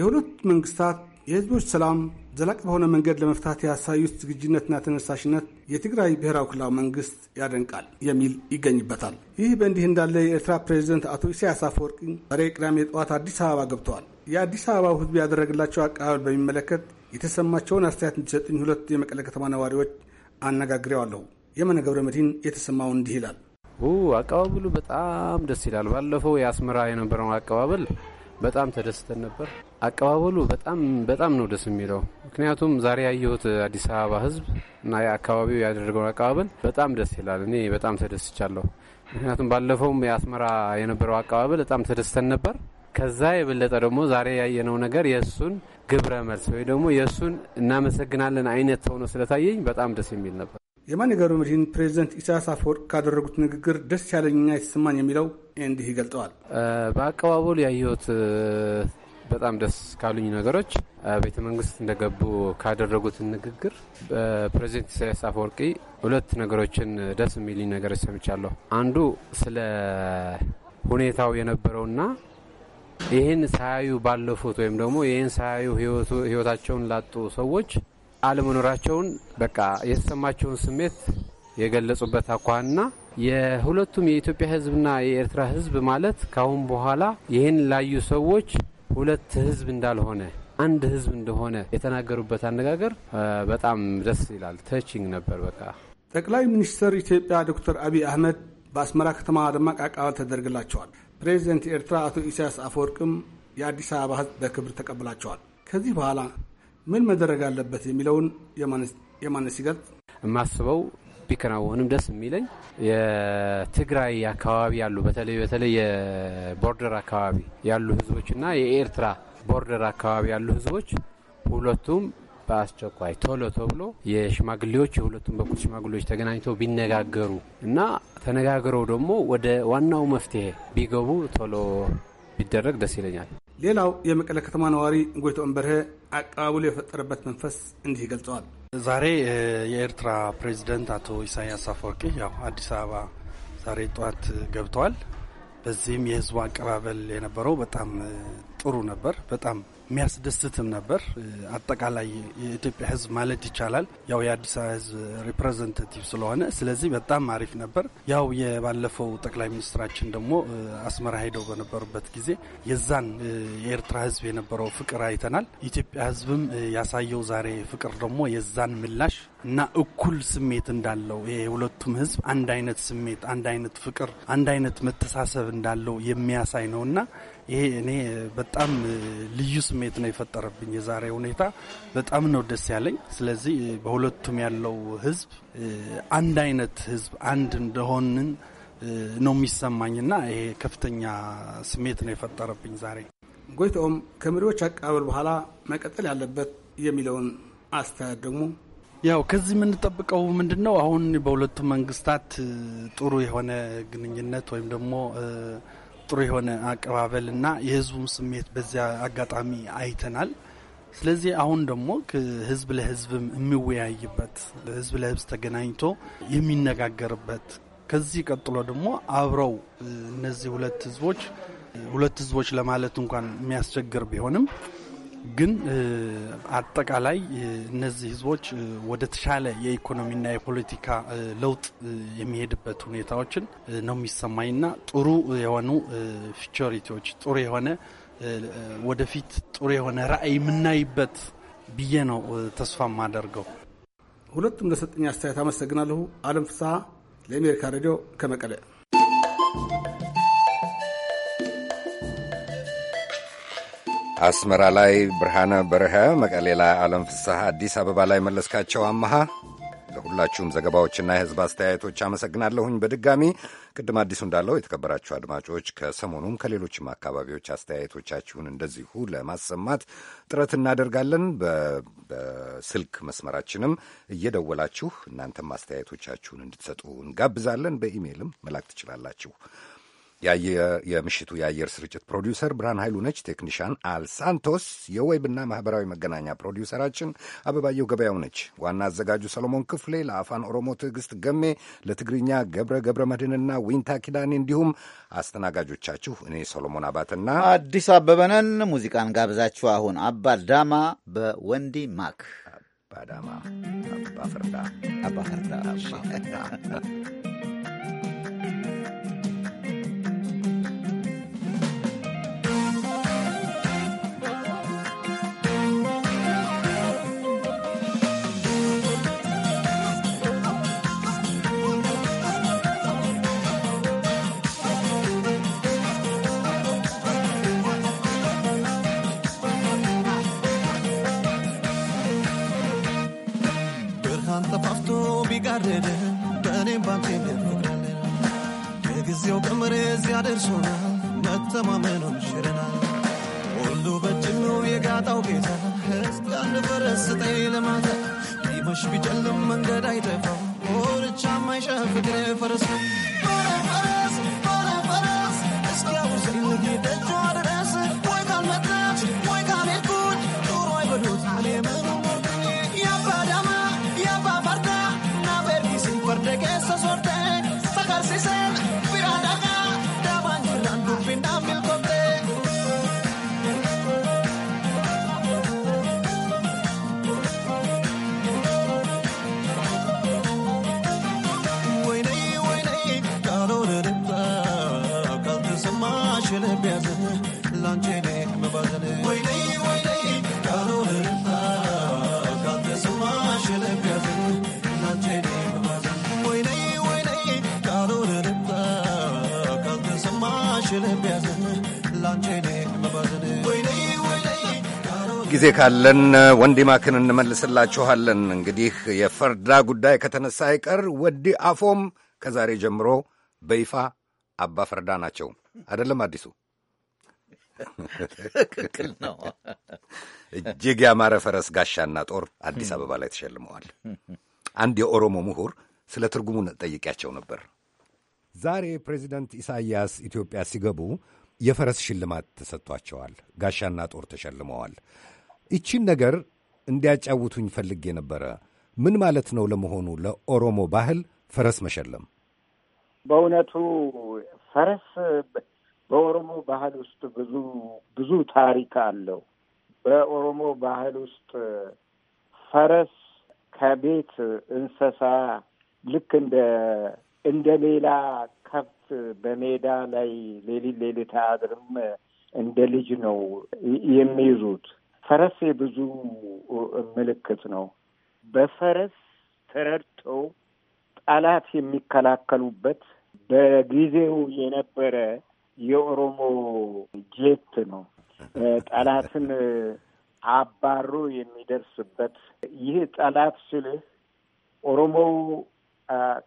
የሁለት መንግስታት የህዝቦች ሰላም ዘላቂ በሆነ መንገድ ለመፍታት ያሳዩት ዝግጅነትና ተነሳሽነት የትግራይ ብሔራዊ ክልላዊ መንግስት ያደንቃል የሚል ይገኝበታል። ይህ በእንዲህ እንዳለ የኤርትራ ፕሬዚደንት አቶ ኢሳያስ አፈወርቂ ዛሬ ቅዳሜ ጠዋት አዲስ አበባ ገብተዋል። የአዲስ አበባው ህዝብ ያደረገላቸው አቀባበል በሚመለከት የተሰማቸውን አስተያየት እንዲሰጥኝ ሁለት የመቀለ ከተማ ነዋሪዎች አነጋግሬዋለሁ። የመነ ገብረ መድህን የተሰማውን እንዲህ ይላል። አቀባበሉ በጣም ደስ ይላል። ባለፈው የአስመራ የነበረውን አቀባበል በጣም ተደስተን ነበር። አቀባበሉ በጣም በጣም ነው ደስ የሚለው። ምክንያቱም ዛሬ ያየሁት አዲስ አበባ ህዝብ እና የአካባቢው ያደረገውን አቀባበል በጣም ደስ ይላል። እኔ በጣም ተደስቻለሁ። ምክንያቱም ባለፈውም የአስመራ የነበረው አቀባበል በጣም ተደስተን ነበር። ከዛ የበለጠ ደግሞ ዛሬ ያየነው ነገር የእሱን ግብረ መልስ ወይ ደግሞ የእሱን እናመሰግናለን አይነት ሆኖ ስለታየኝ በጣም ደስ የሚል ነበር። የማን ገብረ መድህን ፕሬዚደንት ኢሳያስ አፈወርቅ ካደረጉት ንግግር ደስ ያለኝና የተሰማኝ የሚለው እንዲህ ይገልጠዋል። በአቀባበሉ ያየሁት በጣም ደስ ካሉኝ ነገሮች ቤተ መንግስት እንደገቡ ካደረጉትን ንግግር በፕሬዚደንት ኢሳያስ አፈወርቂ ሁለት ነገሮችን ደስ የሚልኝ ነገር ሰምቻለሁ። አንዱ ስለ ሁኔታው የነበረውና ይህን ሳያዩ ባለፉት ወይም ደግሞ ይህን ሳያዩ ህይወታቸውን ላጡ ሰዎች አለመኖራቸውን በቃ የተሰማቸውን ስሜት የገለጹበት አኳና የሁለቱም የኢትዮጵያ ህዝብና የኤርትራ ህዝብ ማለት ካሁን በኋላ ይህን ላዩ ሰዎች ሁለት ህዝብ እንዳልሆነ አንድ ህዝብ እንደሆነ የተናገሩበት አነጋገር በጣም ደስ ይላል። ተቺንግ ነበር። በቃ ጠቅላይ ሚኒስትር ኢትዮጵያ ዶክተር አብይ አህመድ በአስመራ ከተማ ደማቅ አቀባበል ተደርግላቸዋል። ፕሬዚደንት ኤርትራ አቶ ኢሳያስ አፈወርቅም የአዲስ አበባ ህዝብ በክብር ተቀብላቸዋል። ከዚህ በኋላ ምን መደረግ አለበት የሚለውን የማነስ ሲገልጽ የማስበው ቢከናወንም ደስ የሚለኝ የትግራይ አካባቢ ያሉ በተለይ በተለይ የቦርደር አካባቢ ያሉ ህዝቦችና የኤርትራ ቦርደር አካባቢ ያሉ ህዝቦች ሁለቱም በአስቸኳይ ቶሎ ተብሎ የሽማግሌዎች የሁለቱም በኩል ሽማግሌዎች ተገናኝተው ቢነጋገሩ እና ተነጋግረው ደግሞ ወደ ዋናው መፍትሄ ቢገቡ ቶሎ ቢደረግ ደስ ይለኛል። ሌላው የመቀለ ከተማ ነዋሪ ጎይቶ እንበርሀ አቀባበሉ የፈጠረበት መንፈስ እንዲህ ይገልጸዋል። ዛሬ የኤርትራ ፕሬዚደንት አቶ ኢሳያስ አፈወርቂ ያው አዲስ አበባ ዛሬ ጠዋት ገብተዋል። በዚህም የህዝቡ አቀባበል የነበረው በጣም ጥሩ ነበር። በጣም የሚያስደስትም ነበር። አጠቃላይ የኢትዮጵያ ሕዝብ ማለት ይቻላል ያው የአዲስ አበባ ሕዝብ ሪፕሬዘንታቲቭ ስለሆነ ስለዚህ በጣም አሪፍ ነበር። ያው የባለፈው ጠቅላይ ሚኒስትራችን ደግሞ አስመራ ሄደው በነበሩበት ጊዜ የዛን የኤርትራ ሕዝብ የነበረው ፍቅር አይተናል። ኢትዮጵያ ሕዝብም ያሳየው ዛሬ ፍቅር ደግሞ የዛን ምላሽ እና እኩል ስሜት እንዳለው የሁለቱም ሕዝብ አንድ አይነት ስሜት፣ አንድ አይነት ፍቅር፣ አንድ አይነት መተሳሰብ እንዳለው የሚያሳይ እና ይሄ እኔ በጣም ልዩ ስሜት ነው የፈጠረብኝ። የዛሬ ሁኔታ በጣም ነው ደስ ያለኝ። ስለዚህ በሁለቱም ያለው ህዝብ አንድ አይነት ህዝብ አንድ እንደሆንን ነው የሚሰማኝና ይሄ ከፍተኛ ስሜት ነው የፈጠረብኝ ዛሬ። ጎይቶም ከመሪዎች አቀባበል በኋላ መቀጠል ያለበት የሚለውን አስተያየት ደግሞ ያው ከዚህ የምንጠብቀው ምንድን ነው አሁን በሁለቱ መንግስታት ጥሩ የሆነ ግንኙነት ወይም ደግሞ ጥሩ የሆነ አቀባበልና የህዝቡም ስሜት በዚያ አጋጣሚ አይተናል። ስለዚህ አሁን ደግሞ ህዝብ ለህዝብ የሚወያይበት ህዝብ ለህዝብ ተገናኝቶ የሚነጋገርበት ከዚህ ቀጥሎ ደግሞ አብረው እነዚህ ሁለት ህዝቦች ሁለት ህዝቦች ለማለት እንኳን የሚያስቸግር ቢሆንም ግን አጠቃላይ እነዚህ ህዝቦች ወደ ተሻለ የኢኮኖሚና የፖለቲካ ለውጥ የሚሄድበት ሁኔታዎችን ነው የሚሰማኝና ጥሩ የሆኑ ፊቸሪቲዎች ጥሩ የሆነ ወደፊት ጥሩ የሆነ ራዕይ የምናይበት ብዬ ነው ተስፋ የማደርገው። ሁለቱም ለሰጠኝ አስተያየት አመሰግናለሁ። አለም ፍስሀ ለአሜሪካ ሬዲዮ ከመቀለ አስመራ ላይ ብርሃነ በረኸ፣ መቀሌ ላይ ዓለም ፍስሐ፣ አዲስ አበባ ላይ መለስካቸው አመሃ ለሁላችሁም ዘገባዎችና የህዝብ አስተያየቶች አመሰግናለሁኝ። በድጋሚ ቅድም አዲሱ እንዳለው የተከበራችሁ አድማጮች ከሰሞኑም ከሌሎችም አካባቢዎች አስተያየቶቻችሁን እንደዚሁ ለማሰማት ጥረት እናደርጋለን። በስልክ መስመራችንም እየደወላችሁ እናንተም አስተያየቶቻችሁን እንድትሰጡ እንጋብዛለን። በኢሜይልም መላክ ትችላላችሁ። የምሽቱ የአየር ስርጭት ፕሮዲውሰር ብርሃን ኃይሉ ነች። ቴክኒሻን አልሳንቶስ፣ የዌብና ማህበራዊ መገናኛ ፕሮዲውሰራችን አበባየሁ ገበያው ነች። ዋና አዘጋጁ ሰሎሞን ክፍሌ፣ ለአፋን ኦሮሞ ትዕግስት ገሜ፣ ለትግርኛ ገብረ ገብረ መድህንና ዊንታ ኪዳኔ እንዲሁም አስተናጋጆቻችሁ እኔ ሰሎሞን አባትና አዲስ አበበነን። ሙዚቃን ጋብዛችሁ አሁን አባዳማ በወንዲ ማክ አባዳማ አባፈርዳ አባፈርዳ አይናደድም በእኔም ባንቴ ደርዳለን የጊዜው ቀመር እዚያ ደርሶናል። መተማመኑን ሽረናል ሁሉ በእጅ የጋጣው ጌታ እስኪያን በረስጤ ለማታ ቢመሽ ቢጨልም መንገድ አይጠፋው ኦርቻ ማይሻ ፍቅሬ ፈረሰ ጊዜ ካለን ወንዲማክን እንመልስላችኋለን። እንግዲህ የፈርዳ ጉዳይ ከተነሳ አይቀር ወዲ አፎም ከዛሬ ጀምሮ በይፋ አባ ፈርዳ ናቸው። አይደለም አዲሱ ትክክል ነው። እጅግ ያማረ ፈረስ ጋሻና ጦር አዲስ አበባ ላይ ተሸልመዋል። አንድ የኦሮሞ ምሁር ስለ ትርጉሙ ጠይቄያቸው ነበር። ዛሬ ፕሬዚደንት ኢሳይያስ ኢትዮጵያ ሲገቡ የፈረስ ሽልማት ተሰጥቷቸዋል። ጋሻና ጦር ተሸልመዋል። ይቺን ነገር እንዲያጫውቱኝ ፈልጌ ነበረ። ምን ማለት ነው ለመሆኑ ለኦሮሞ ባህል ፈረስ መሸለም? በእውነቱ ፈረስ በኦሮሞ ባህል ውስጥ ብዙ ብዙ ታሪክ አለው። በኦሮሞ ባህል ውስጥ ፈረስ ከቤት እንስሳ ልክ እንደ እንደ ሌላ ከብት በሜዳ ላይ ሌሊት ሌሊት አያድርም። እንደ ልጅ ነው የሚይዙት። ፈረስ የብዙ ምልክት ነው። በፈረስ ተረድተው ጠላት የሚከላከሉበት በጊዜው የነበረ የኦሮሞ ጄት ነው። ጠላትን አባሮ የሚደርስበት ይህ ጠላት ስልህ ኦሮሞው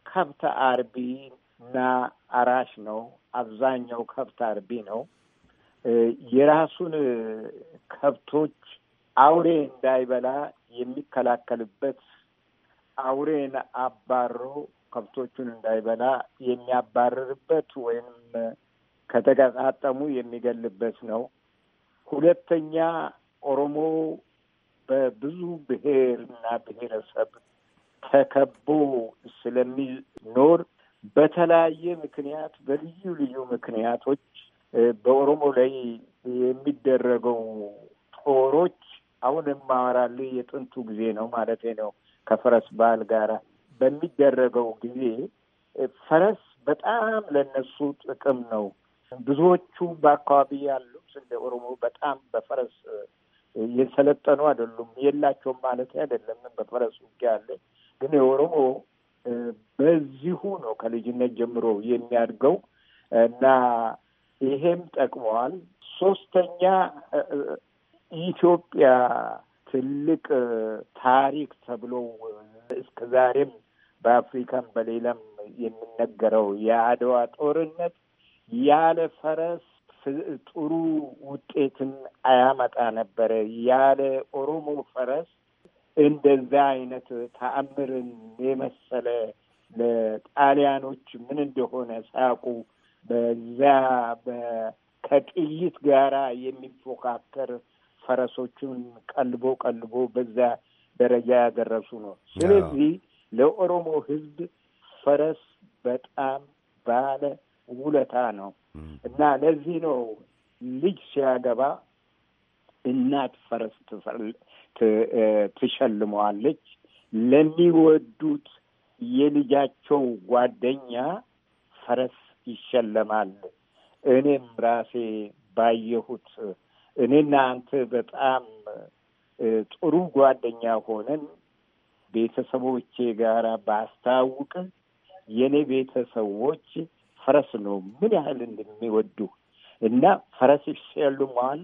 ከብት አርቢ እና አራሽ ነው። አብዛኛው ከብት አርቢ ነው። የራሱን ከብቶች አውሬ እንዳይበላ የሚከላከልበት አውሬን አባሮ ከብቶቹን እንዳይበላ የሚያባርርበት ወይም ከተቀጣጠሙ የሚገልበት ነው። ሁለተኛ ኦሮሞ በብዙ ብሔር እና ብሔረሰብ ተከቦ ስለሚኖር በተለያየ ምክንያት በልዩ ልዩ ምክንያቶች በኦሮሞ ላይ የሚደረገው ጦሮች አሁን የማወራልህ የጥንቱ ጊዜ ነው ማለት ነው። ከፈረስ በዓል ጋር በሚደረገው ጊዜ ፈረስ በጣም ለነሱ ጥቅም ነው። ብዙዎቹ በአካባቢ ያሉት እንደ ኦሮሞ በጣም በፈረስ የሰለጠኑ አይደሉም። የላቸውም ማለት አይደለም። በፈረስ ውጊያ አለ። ግን የኦሮሞ በዚሁ ነው ከልጅነት ጀምሮ የሚያድገው እና ይሄም ጠቅመዋል። ሶስተኛ ኢትዮጵያ ትልቅ ታሪክ ተብሎ እስከ ዛሬም በአፍሪካም በሌላም የሚነገረው የአድዋ ጦርነት ያለ ፈረስ ጥሩ ውጤትን አያመጣ ነበረ። ያለ ኦሮሞ ፈረስ እንደዛ አይነት ተአምርን የመሰለ ለጣሊያኖች ምን እንደሆነ ሳያውቁ በዛ ከጥይት ጋራ የሚፎካከር ፈረሶቹን ቀልቦ ቀልቦ በዛ ደረጃ ያደረሱ ነው። ስለዚህ ለኦሮሞ ህዝብ ፈረስ በጣም ባለ ውለታ ነው እና ለዚህ ነው ልጅ ሲያገባ እናት ፈረስ ትሸልመዋለች። ለሚወዱት የልጃቸው ጓደኛ ፈረስ ይሸለማል። እኔም ራሴ ባየሁት እኔና አንተ በጣም ጥሩ ጓደኛ ሆነን ቤተሰቦቼ ጋር ባስታውቅ የእኔ ቤተሰቦች ፈረስ ነው ምን ያህል እንደሚወዱ እና ፈረስ መዋል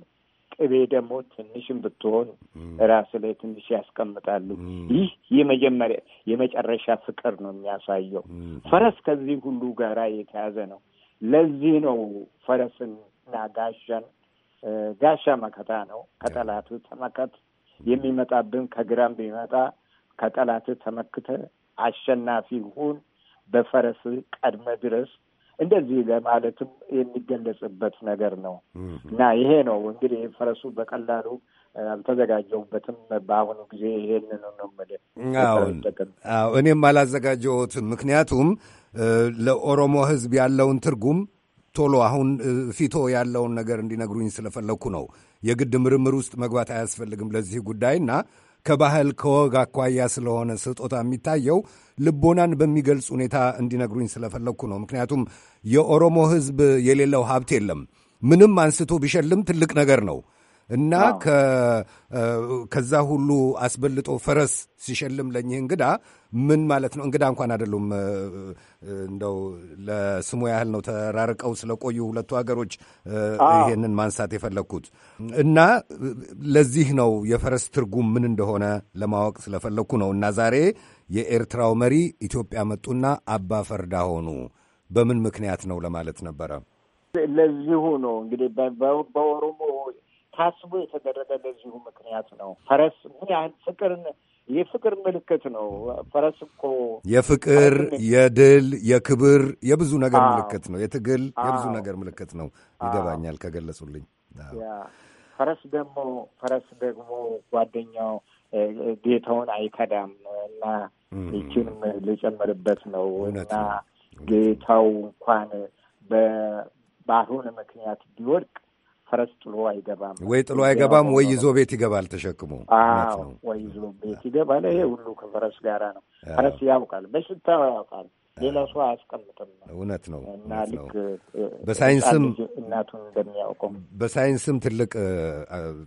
ቅቤ ደግሞ ትንሽም ብትሆን ራስ ላይ ትንሽ ያስቀምጣሉ። ይህ የመጀመሪያ የመጨረሻ ፍቅር ነው የሚያሳየው። ፈረስ ከዚህ ሁሉ ጋራ የተያዘ ነው። ለዚህ ነው ፈረስና። ጋሻን ጋሻ መከታ ነው። ከጠላት ተመከት። የሚመጣብን ከግራም ቢመጣ ከጠላት ተመክተ አሸናፊ ሁን፣ በፈረስ ቀድመ ድረስ እንደዚህ ለማለትም የሚገለጽበት ነገር ነው እና ይሄ ነው እንግዲህ ፈረሱ በቀላሉ አልተዘጋጀውበትም። በአሁኑ ጊዜ ይሄንን ነው የምልህ። እኔም አላዘጋጀሁትም፣ ምክንያቱም ለኦሮሞ ሕዝብ ያለውን ትርጉም ቶሎ አሁን ፊቶ ያለውን ነገር እንዲነግሩኝ ስለፈለግኩ ነው። የግድ ምርምር ውስጥ መግባት አያስፈልግም ለዚህ ጉዳይና ከባህል ከወግ አኳያ ስለሆነ ስጦታ የሚታየው ልቦናን በሚገልጽ ሁኔታ እንዲነግሩኝ ስለፈለግኩ ነው። ምክንያቱም የኦሮሞ ሕዝብ የሌለው ሀብት የለም። ምንም አንስቶ ቢሸልም ትልቅ ነገር ነው። እና ከዛ ሁሉ አስበልጦ ፈረስ ሲሸልም ለእኚህ እንግዳ ምን ማለት ነው? እንግዳ እንኳን አይደሉም፣ እንደው ለስሙ ያህል ነው። ተራርቀው ስለቆዩ ሁለቱ ሀገሮች ይሄንን ማንሳት የፈለግኩት እና ለዚህ ነው የፈረስ ትርጉም ምን እንደሆነ ለማወቅ ስለፈለግኩ ነው። እና ዛሬ የኤርትራው መሪ ኢትዮጵያ መጡና አባ ፈርዳ ሆኑ። በምን ምክንያት ነው ለማለት ነበረ። ለዚሁ ነው እንግዲህ በኦሮሞ ታስቦ የተደረገ ለዚሁ ምክንያት ነው። ፈረስ ምን ያህል ፍቅርን የፍቅር ምልክት ነው። ፈረስ እኮ የፍቅር፣ የድል፣ የክብር፣ የብዙ ነገር ምልክት ነው። የትግል የብዙ ነገር ምልክት ነው። ይገባኛል ከገለጹልኝ። ፈረስ ደግሞ ፈረስ ደግሞ ጓደኛው ጌታውን አይከዳም እና ይችንም ልጨምርበት ነው እና ጌታው እንኳን በባርሁን ምክንያት ቢወድቅ ፈረስ ጥሎ አይገባም ወይ ጥሎ አይገባም ወይ ይዞ ቤት ይገባል ተሸክሞ ወይ ይዞ ቤት ይገባል። ይሄ ሁሉ ከፈረስ ጋር ነው። ፈረስ ያውቃል፣ በሽታ ያውቃል። ሌላ ሰው አያስቀምጥም። እውነት ነው እና ልክ በሳይንስም እናቱን እንደሚያውቀው በሳይንስም ትልቅ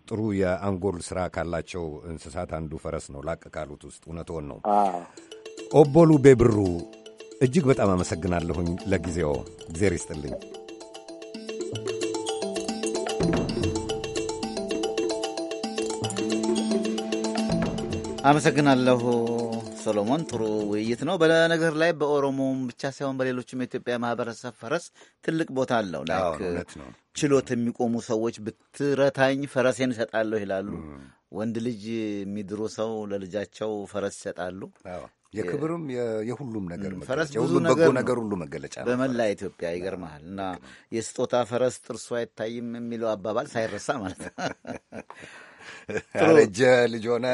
ጥሩ የአንጎል ስራ ካላቸው እንስሳት አንዱ ፈረስ ነው። ላቅ ካሉት ውስጥ እውነትን ነው። ኦቦሉ ቤብሩ እጅግ በጣም አመሰግናለሁኝ። ለጊዜው እግዜር ይስጥልኝ። አመሰግናለሁ ሶሎሞን። ጥሩ ውይይት ነው። በነገር ላይ በኦሮሞም ብቻ ሳይሆን በሌሎችም የኢትዮጵያ ማህበረሰብ ፈረስ ትልቅ ቦታ አለው። ችሎት የሚቆሙ ሰዎች ብትረታኝ ፈረሴን እሰጣለሁ ይላሉ። ወንድ ልጅ የሚድሩ ሰው ለልጃቸው ፈረስ ይሰጣሉ። የክብርም የሁሉም ነገር ፈረስ ብዙ ነገር ሁሉ መገለጫ በመላ ኢትዮጵያ ይገርመሃል። እና የስጦታ ፈረስ ጥርሱ አይታይም የሚለው አባባል ሳይረሳ ማለት ነው። ያረጀ ልጅ ሆነ።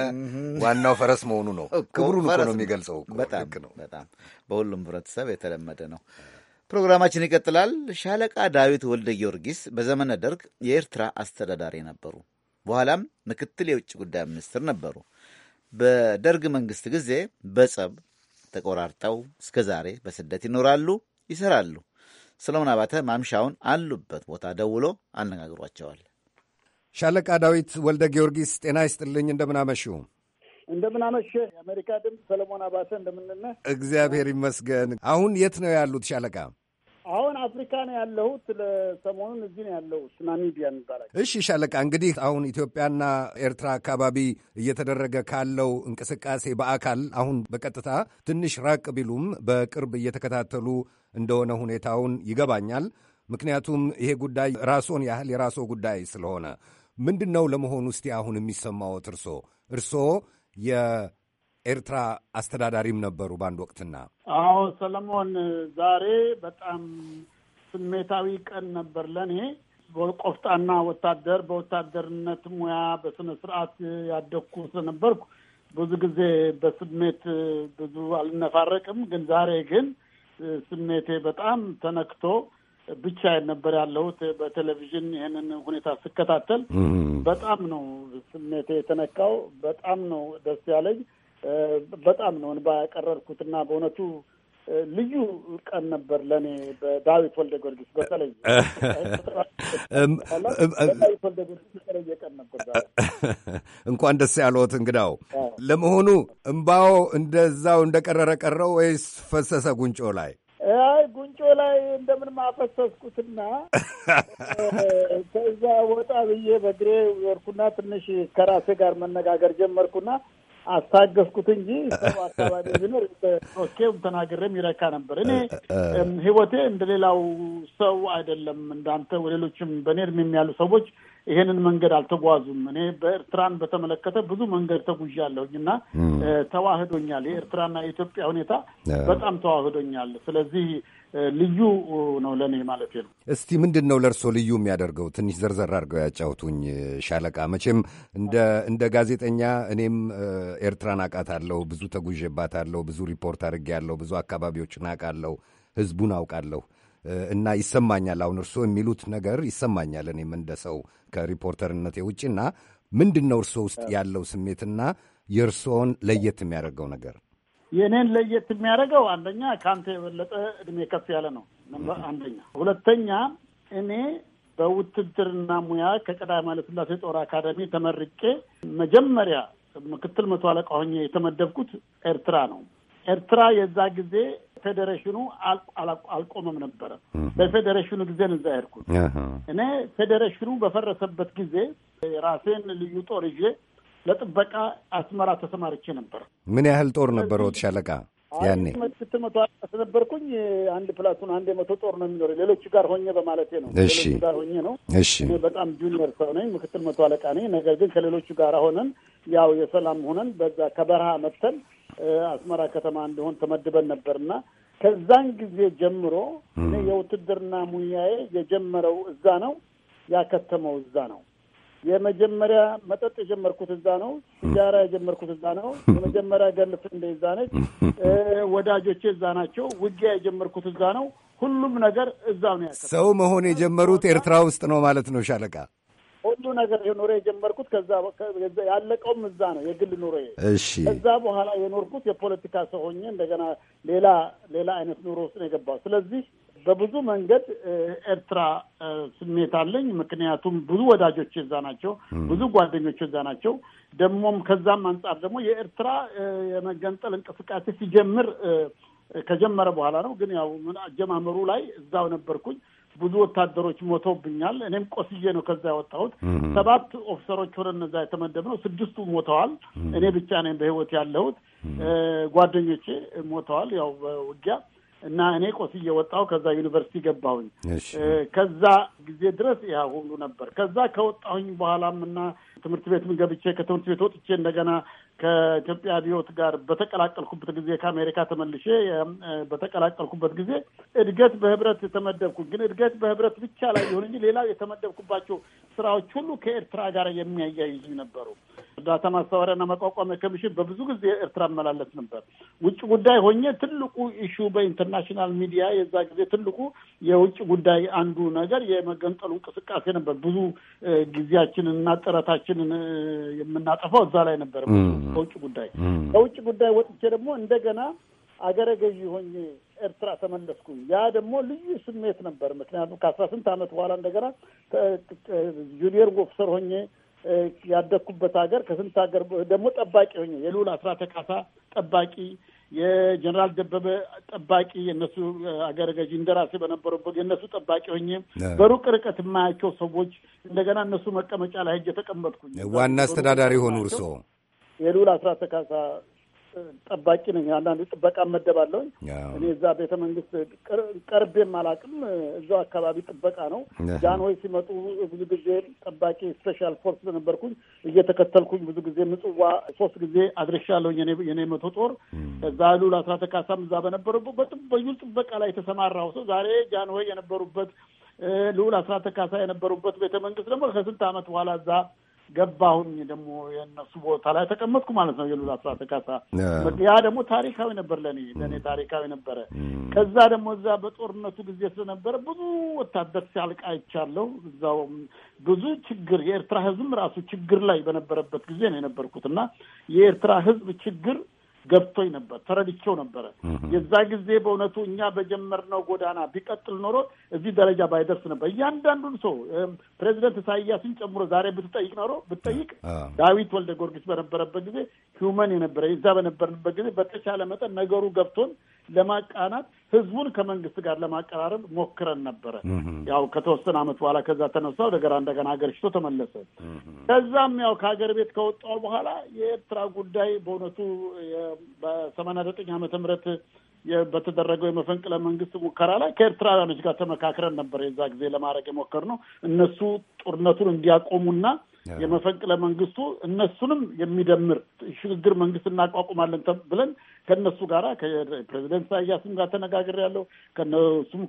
ዋናው ፈረስ መሆኑ ነው። ክብሩን እኮ ነው የሚገልጸው። በጣም በሁሉም ህብረተሰብ የተለመደ ነው። ፕሮግራማችን ይቀጥላል። ሻለቃ ዳዊት ወልደ ጊዮርጊስ በዘመነ ደርግ የኤርትራ አስተዳዳሪ ነበሩ። በኋላም ምክትል የውጭ ጉዳይ ሚኒስትር ነበሩ። በደርግ መንግስት ጊዜ በጸብ ተቆራርጠው እስከ ዛሬ በስደት ይኖራሉ፣ ይሰራሉ። ሰለሞን አባተ ማምሻውን አሉበት ቦታ ደውሎ አነጋግሯቸዋል። ሻለቃ ዳዊት ወልደ ጊዮርጊስ ጤና ይስጥልኝ። እንደምናመሹ እንደምናመሸ የአሜሪካ ድምፅ ሰለሞን አባተ እንደምንነ እግዚአብሔር ይመስገን። አሁን የት ነው ያሉት ሻለቃ? አሁን አፍሪካ ነው ያለሁት። ለሰሞኑን እዚህ ነው ያለሁት ናሚቢያ የሚባል። እሺ ሻለቃ፣ እንግዲህ አሁን ኢትዮጵያና ኤርትራ አካባቢ እየተደረገ ካለው እንቅስቃሴ በአካል አሁን በቀጥታ ትንሽ ራቅ ቢሉም በቅርብ እየተከታተሉ እንደሆነ ሁኔታውን ይገባኛል። ምክንያቱም ይሄ ጉዳይ ራስዎን ያህል የራስዎ ጉዳይ ስለሆነ ምንድን ነው ለመሆኑ እስቲ አሁን የሚሰማዎት? እርሶ እርሶ የኤርትራ አስተዳዳሪም ነበሩ በአንድ ወቅትና። አዎ ሰለሞን፣ ዛሬ በጣም ስሜታዊ ቀን ነበር ለእኔ ቆፍጣና ወታደር በወታደርነት ሙያ በስነ ስርዓት ያደግኩ ስለነበርኩ ብዙ ጊዜ በስሜት ብዙ አልነፋረቅም። ግን ዛሬ ግን ስሜቴ በጣም ተነክቶ ብቻ ነበር ያለሁት። በቴሌቪዥን ይህንን ሁኔታ ስከታተል በጣም ነው ስሜት የተነካው። በጣም ነው ደስ ያለኝ። በጣም ነው እንባ ያቀረርኩት እና በእውነቱ ልዩ ቀን ነበር ለእኔ በዳዊት ወልደ ጊዮርጊስ በተለይ ዳዊት ወልደ ጊዮርጊስ የተለየ ቀን ነበር። እንኳን ደስ ያለዎት። እንግዳው ለመሆኑ እምባው እንደዛው እንደቀረረ ቀረው ወይስ ፈሰሰ ጉንጮ ላይ? አይ ጉንጮ ላይ እንደምን ማፈሰስኩትና ከዛ ወጣ ብዬ በእግሬ ወርኩና ትንሽ ከራሴ ጋር መነጋገር ጀመርኩና አስታገስኩት እንጂ ሰው አካባቢ ቢኖር ኦኬም ተናግሬም ይረካ ነበር። እኔ ህይወቴ እንደሌላው ሰው አይደለም። እንዳንተ ወደሌሎችም በእኔ እድሜ ያሉ ሰዎች ይሄንን መንገድ አልተጓዙም። እኔ በኤርትራን በተመለከተ ብዙ መንገድ ተጉዣለሁኝ እና ተዋህዶኛል። የኤርትራና የኢትዮጵያ ሁኔታ በጣም ተዋህዶኛል። ስለዚህ ልዩ ነው ለእኔ ማለት ነው። እስቲ ምንድን ነው ለእርሶ ልዩ የሚያደርገው? ትንሽ ዘርዘር አድርገው ያጫውቱኝ ሻለቃ። መቼም እንደ ጋዜጠኛ እኔም ኤርትራን አውቃታለሁ፣ ብዙ ተጉዤባታለሁ፣ ብዙ ሪፖርት አድርጌያለሁ፣ ብዙ አካባቢዎችን አውቃለሁ፣ ህዝቡን አውቃለሁ። እና ይሰማኛል አሁን እርስዎ የሚሉት ነገር ይሰማኛል። እኔም እንደ ሰው ከሪፖርተርነቴ ውጭና ምንድን ነው እርስዎ ውስጥ ያለው ስሜትና የእርስዎን ለየት የሚያደርገው ነገር? የእኔን ለየት የሚያደርገው አንደኛ ከአንተ የበለጠ እድሜ ከፍ ያለ ነው አንደኛ። ሁለተኛ እኔ በውትድርና ሙያ ከቀዳማዊ ኃይለ ሥላሴ ጦር አካዳሚ ተመርቄ መጀመሪያ ምክትል መቶ አለቃ ሆኜ የተመደብኩት ኤርትራ ነው። ኤርትራ የዛ ጊዜ ፌዴሬሽኑ አልቆመም ነበረ። በፌዴሬሽኑ ጊዜ እዛ ሄድኩት። እኔ ፌዴሬሽኑ በፈረሰበት ጊዜ ራሴን ልዩ ጦር ይዤ ለጥበቃ አስመራ ተሰማርቼ ነበር። ምን ያህል ጦር ነበረዎት ሻለቃ? ያኔ ስትል መቶ አንድ ፕላቱን አንድ የመቶ ጦር ነው የሚኖረ ሌሎቹ ጋር ሆኜ በማለት ነው። ሌሎቹ ጋር ሆኜ ነው። በጣም ጁኒየር ሰው ነኝ፣ ምክትል መቶ አለቃ ነኝ። ነገር ግን ከሌሎቹ ጋር ሆነን ያው የሰላም ሆነን በዛ ከበረሃ መጥተን አስመራ ከተማ እንደሆን ተመድበን ነበርና ከዛን ጊዜ ጀምሮ የውትድርና ሙያዬ የጀመረው እዛ ነው፣ ያከተመው እዛ ነው። የመጀመሪያ መጠጥ የጀመርኩት እዛ ነው። ሲጋራ የጀመርኩት እዛ ነው። የመጀመሪያ ገልፍ እንደ እዛ ነች። ወዳጆቼ እዛ ናቸው። ውጊያ የጀመርኩት እዛ ነው። ሁሉም ነገር እዛ ነው። ሰው መሆን የጀመሩት ኤርትራ ውስጥ ነው ማለት ነው ሻለቃ። ሁሉ ነገር የኖረ የጀመርኩት ከዛ ያለቀውም እዛ ነው የግል ኑሮ። እሺ ከዛ በኋላ የኖርኩት የፖለቲካ ሰው ሆኜ እንደገና ሌላ ሌላ አይነት ኑሮ ውስጥ ነው የገባው። ስለዚህ በብዙ መንገድ ኤርትራ ስሜት አለኝ። ምክንያቱም ብዙ ወዳጆች እዛ ናቸው፣ ብዙ ጓደኞች እዛ ናቸው። ደግሞም ከዛም አንጻር ደግሞ የኤርትራ የመገንጠል እንቅስቃሴ ሲጀምር ከጀመረ በኋላ ነው። ግን ያው አጀማመሩ ላይ እዛው ነበርኩኝ። ብዙ ወታደሮች ሞተውብኛል። እኔም ቆስዬ ነው ከዛ ያወጣሁት። ሰባት ኦፊሰሮች ሆነ እነዛ ነው። ስድስቱ ሞተዋል። እኔ ብቻ ነኝ በህይወት ያለሁት። ጓደኞቼ ሞተዋል ያው ውጊያ እና እኔ ቆስ እየወጣሁ ከዛ ዩኒቨርሲቲ ገባሁኝ። ከዛ ጊዜ ድረስ ያ ሁሉ ነበር። ከዛ ከወጣሁኝ በኋላም እና ትምህርት ቤትም ገብቼ ከትምህርት ቤት ወጥቼ እንደገና ከኢትዮጵያ አብዮት ጋር በተቀላቀልኩበት ጊዜ ከአሜሪካ ተመልሼ በተቀላቀልኩበት ጊዜ እድገት በህብረት የተመደብኩ ግን እድገት በህብረት ብቻ ላይ ይሁን እንጂ ሌላው የተመደብኩባቸው ስራዎች ሁሉ ከኤርትራ ጋር የሚያያይዙ ነበሩ። እርዳታ ማስተባበሪያና ማቋቋሚያ ኮሚሽን በብዙ ጊዜ ኤርትራ መላለስ ነበር። ውጭ ጉዳይ ሆኜ ትልቁ ኢሹ በኢንተርናሽናል ሚዲያ የዛ ጊዜ ትልቁ የውጭ ጉዳይ አንዱ ነገር የመገንጠሉ እንቅስቃሴ ነበር። ብዙ ጊዜያችንን እና ጥረታችንን የምናጠፋው እዛ ላይ ነበር። በውጭ ጉዳይ ከውጭ ጉዳይ ወጥቼ ደግሞ እንደገና አገረ ገዢ ሆኜ ኤርትራ ተመለስኩኝ። ያ ደግሞ ልዩ ስሜት ነበር። ምክንያቱም ከአስራ ስንት ዓመት በኋላ እንደገና ጁኒየር ኦፊሰር ሆኜ ያደግኩበት ሀገር ከስንት ሀገር ደግሞ ጠባቂ ሆኜ የልዑል አስራተ ካሳ ጠባቂ፣ የጀኔራል ደበበ ጠባቂ፣ የእነሱ አገረ ገዢ እንደራሴ በነበረበት የእነሱ ጠባቂ ሆኝ በሩቅ ርቀት የማያቸው ሰዎች እንደገና እነሱ መቀመጫ ላይ ሄጄ ተቀመጥኩኝ። ዋና አስተዳዳሪ ሆኑ እርስዎ? የልዑል አስራተ ካሳ ጠባቂ ነኝ። አንዳንድ ጥበቃ መደባለሁኝ። እኔ እዛ ቤተ መንግስት ቀርቤም አላውቅም። እዛው አካባቢ ጥበቃ ነው። ጃንሆይ ሲመጡ ብዙ ጊዜ ጠባቂ ስፔሻል ፎርስ በነበርኩኝ እየተከተልኩኝ ብዙ ጊዜ ምጽዋ ሶስት ጊዜ አድርሻለሁኝ። የኔ መቶ ጦር እዛ ሉል አስራተ ተካሳም እዛ በነበሩበት በዩል ጥበቃ ላይ የተሰማራው ሰው ዛሬ ጃንሆይ የነበሩበት ልዑል አስራተ ካሳ የነበሩበት ቤተ መንግስት ደግሞ ከስንት ዓመት በኋላ እዛ ገባሁኝ ደግሞ የእነሱ ቦታ ላይ ተቀመጥኩ ማለት ነው። የሉላ ስራ ካሳ ያ ደግሞ ታሪካዊ ነበር ለእኔ ለእኔ ታሪካዊ ነበረ። ከዛ ደግሞ እዛ በጦርነቱ ጊዜ ስለነበረ ብዙ ወታደር ሲያልቅ አይቻለሁ። እዛው ብዙ ችግር የኤርትራ ህዝብም ራሱ ችግር ላይ በነበረበት ጊዜ ነው የነበርኩት እና የኤርትራ ህዝብ ችግር ገብቶኝ ነበር፣ ተረድቼው ነበረ። የዛ ጊዜ በእውነቱ እኛ በጀመርነው ጎዳና ቢቀጥል ኖሮ እዚህ ደረጃ ባይደርስ ነበር። እያንዳንዱን ሰው ፕሬዚደንት ኢሳያስን ጨምሮ ዛሬ ብትጠይቅ ኖሮ ብትጠይቅ ዳዊት ወልደ ጊዮርጊስ በነበረበት ጊዜ ሂውመን የነበረ እዛ በነበርንበት ጊዜ በተቻለ መጠን ነገሩ ገብቶን ለማቃናት ህዝቡን ከመንግስት ጋር ለማቀራረብ ሞክረን ነበረ። ያው ከተወሰነ ዓመት በኋላ ከዛ ተነሳ ወደ ገራ እንደገና ሀገር ሽቶ ተመለሰ። ከዛም ያው ከሀገር ቤት ከወጣው በኋላ የኤርትራ ጉዳይ በእውነቱ በሰማንያ ዘጠኝ ዓመተ ምህረት በተደረገው የመፈንቅለ መንግስት ሙከራ ላይ ከኤርትራውያኖች ጋር ተመካክረን ነበር የዛ ጊዜ ለማድረግ የሞከርነው እነሱ ጦርነቱን እንዲያቆሙና የመፈንቅለ መንግስቱ እነሱንም የሚደምር ሽግግር መንግስት እናቋቁማለን ብለን ከእነሱ ጋር ከፕሬዚደንት ኢሳያስም ጋር ያለው ከነሱም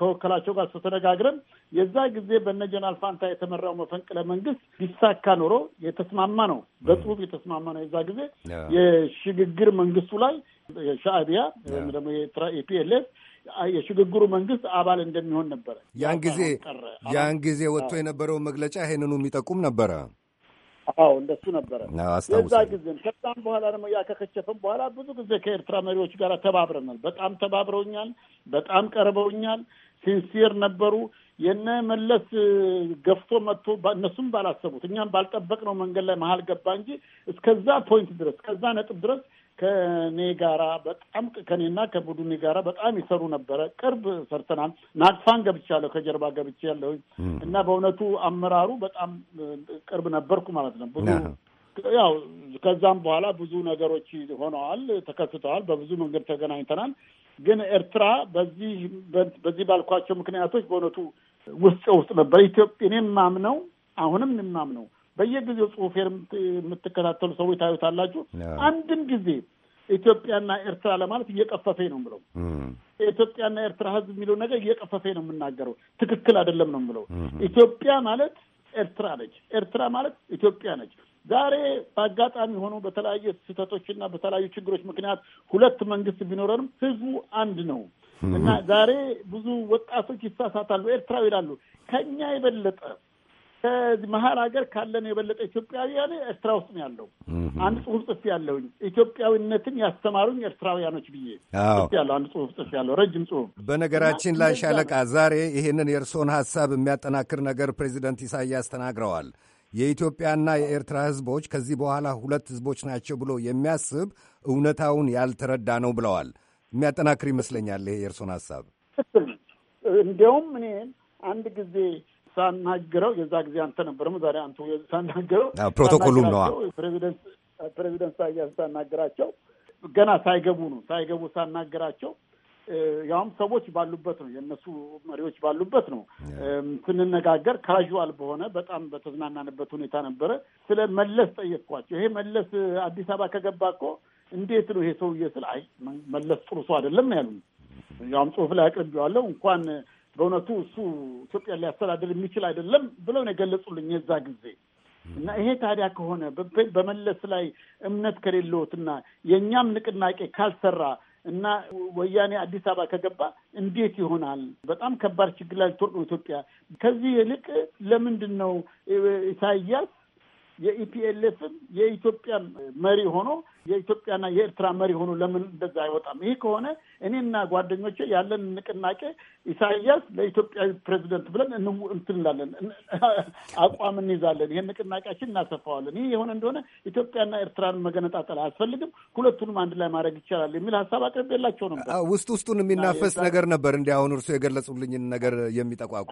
ከወከላቸው ጋር ተነጋግረን የዛ ጊዜ በነ ጀነራል ፋንታ የተመራው መፈንቅለ መንግስት ቢሳካ ኖሮ የተስማማ ነው፣ በጽሁፍ የተስማማ ነው። የዛ ጊዜ የሽግግር መንግስቱ ላይ የሻእቢያ ወይም ደግሞ የፒኤልኤፍ የሽግግሩ መንግስት አባል እንደሚሆን ነበረ። ያን ጊዜ ያን ጊዜ ወጥቶ የነበረው መግለጫ ይሄንኑ የሚጠቁም ነበረ። አዎ እንደሱ ነበረ። የዛ ጊዜ ከዛም በኋላ ደግሞ ያ ከከቸፈም በኋላ ብዙ ጊዜ ከኤርትራ መሪዎች ጋር ተባብረናል። በጣም ተባብረውኛል። በጣም ቀርበውኛል። ሲንሲር ነበሩ። የነ መለስ ገፍቶ መጥቶ እነሱም ባላሰቡት እኛም ባልጠበቅነው መንገድ ላይ መሀል ገባ እንጂ እስከዛ ፖይንት ድረስ እስከዛ ነጥብ ድረስ ከኔ ጋራ በጣም ከኔና ከቡድኔ ጋራ በጣም ይሰሩ ነበረ። ቅርብ ሰርተናል። ናቅፋን ገብቻለሁ፣ ከጀርባ ገብቼ ያለሁ እና በእውነቱ አመራሩ በጣም ቅርብ ነበርኩ ማለት ነው ብዙ ያው ከዛም በኋላ ብዙ ነገሮች ሆነዋል፣ ተከስተዋል። በብዙ መንገድ ተገናኝተናል። ግን ኤርትራ በዚህ በዚህ ባልኳቸው ምክንያቶች በእውነቱ ውስጥ ውስጥ ነበር። ኢትዮጵያ እኔ የማምነው አሁንም የማምነው በየጊዜው ጽሁፌን የምትከታተሉ ሰዎች ታዩታላችሁ። አንድም ጊዜ ኢትዮጵያና ኤርትራ ለማለት እየቀፈፈኝ ነው የምለው። ኢትዮጵያና ኤርትራ ህዝብ የሚለው ነገር እየቀፈፈኝ ነው የምናገረው። ትክክል አይደለም ነው የምለው። ኢትዮጵያ ማለት ኤርትራ ነች፣ ኤርትራ ማለት ኢትዮጵያ ነች። ዛሬ በአጋጣሚ ሆኖ በተለያየ ስህተቶችና በተለያዩ ችግሮች ምክንያት ሁለት መንግስት ቢኖረንም ህዝቡ አንድ ነው እና ዛሬ ብዙ ወጣቶች ይሳሳታሉ። ኤርትራዊ ይላሉ። ከኛ የበለጠ ከዚህ መሀል ሀገር ካለን የበለጠ ኢትዮጵያውያን ኤርትራ ውስጥ ነው ያለው። አንድ ጽሁፍ ጽፍ ያለሁኝ ኢትዮጵያዊነትን ያስተማሩኝ ኤርትራውያኖች ብዬ ያለው አንድ ጽሁፍ ጽፍ ያለው ረጅም ጽሁፍ። በነገራችን ላይ ሻለቃ ዛሬ ይህንን የእርስዎን ሀሳብ የሚያጠናክር ነገር ፕሬዚደንት ኢሳያስ ተናግረዋል። የኢትዮጵያና የኤርትራ ህዝቦች ከዚህ በኋላ ሁለት ህዝቦች ናቸው ብሎ የሚያስብ እውነታውን ያልተረዳ ነው ብለዋል። የሚያጠናክር ይመስለኛል ይሄ የእርስዎን ሀሳብ። እንዲያውም እኔ አንድ ጊዜ ሳናግረው የዛ ጊዜ አንተ ነበርም ዛሬ አንተ ሳናግረው ፕሮቶኮሉም ነዋ ፕሬዚደንት ኢሳያስ ሳናገራቸው ገና ሳይገቡ ነው ሳይገቡ ሳናገራቸው ያውም ሰዎች ባሉበት ነው የእነሱ መሪዎች ባሉበት ነው ስንነጋገር ካዥዋል በሆነ በጣም በተዝናናንበት ሁኔታ ነበረ። ስለ መለስ ጠየቅኳቸው። ይሄ መለስ አዲስ አበባ ከገባ እኮ እንዴት ነው ይሄ ሰውዬ ስል አይ መለስ ጥሩ ሰው አይደለም ያሉ ያውም ጽሁፍ ላይ አቅርቤዋለሁ እንኳን በእውነቱ እሱ ኢትዮጵያ ሊያስተዳድር የሚችል አይደለም ብለው ነው የገለጹልኝ የዛ ጊዜ። እና ይሄ ታዲያ ከሆነ በመለስ ላይ እምነት ከሌለዎትና የእኛም ንቅናቄ ካልሰራ እና ወያኔ አዲስ አበባ ከገባ እንዴት ይሆናል? በጣም ከባድ ችግር ላይ ልትወርቅ ነው ኢትዮጵያ። ከዚህ ይልቅ ለምንድን ነው ኢሳያስ የኢፒኤልኤፍም የኢትዮጵያ መሪ ሆኖ የኢትዮጵያና የኤርትራ መሪ ሆኖ ለምን እንደዛ አይወጣም? ይሄ ከሆነ እኔና ጓደኞቼ ያለን ንቅናቄ ኢሳያስ ለኢትዮጵያዊ ፕሬዚደንት ብለን እንትን እንላለን፣ አቋም እንይዛለን። ይህን ንቅናቄያችን እናሰፋዋለን። ይህ የሆነ እንደሆነ ኢትዮጵያና ኤርትራን መገነጣጠል አያስፈልግም፣ ሁለቱንም አንድ ላይ ማድረግ ይቻላል የሚል ሀሳብ አቅርቤላቸው ነበር። ውስጥ ውስጡን የሚናፈስ ነገር ነበር። እንዲ አሁን እርሱ የገለጹልኝን ነገር የሚጠቋቁ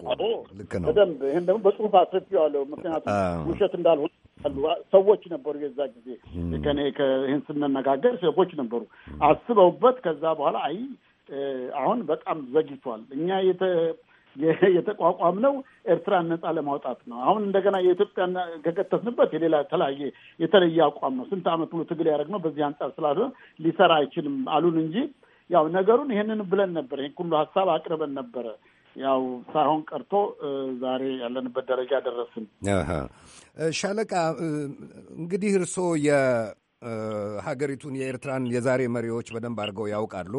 ልክ ነው በደንብ ይህን ደግሞ በጽሁፍ አስረድቼዋለሁ። ምክንያቱም ውሸት እንዳልሆነ ሰዎች ነበሩ። የዛ ጊዜ ከኔ ይህን ስንነጋገር ሰዎች ነበሩ አስበውበት ከዛ በኋላ አይ ላይ አሁን በጣም ዘግቷል እኛ የተቋቋምነው ኤርትራን ነጻ ለማውጣት ነው። አሁን እንደገና የኢትዮጵያን ከቀተትንበት የሌላ ተለያየ የተለየ አቋም ነው። ስንት ዓመት ሙሉ ትግል ያደረግነው በዚህ አንጻር ስላልሆነ ሊሰራ አይችልም አሉን እንጂ ያው ነገሩን ይሄንን ብለን ነበር። ይህን ሁሉ ሀሳብ አቅርበን ነበረ። ያው ሳይሆን ቀርቶ ዛሬ ያለንበት ደረጃ ደረስን። ሻለቃ እንግዲህ እርስዎ የሀገሪቱን የኤርትራን የዛሬ መሪዎች በደንብ አድርገው ያውቃሉ።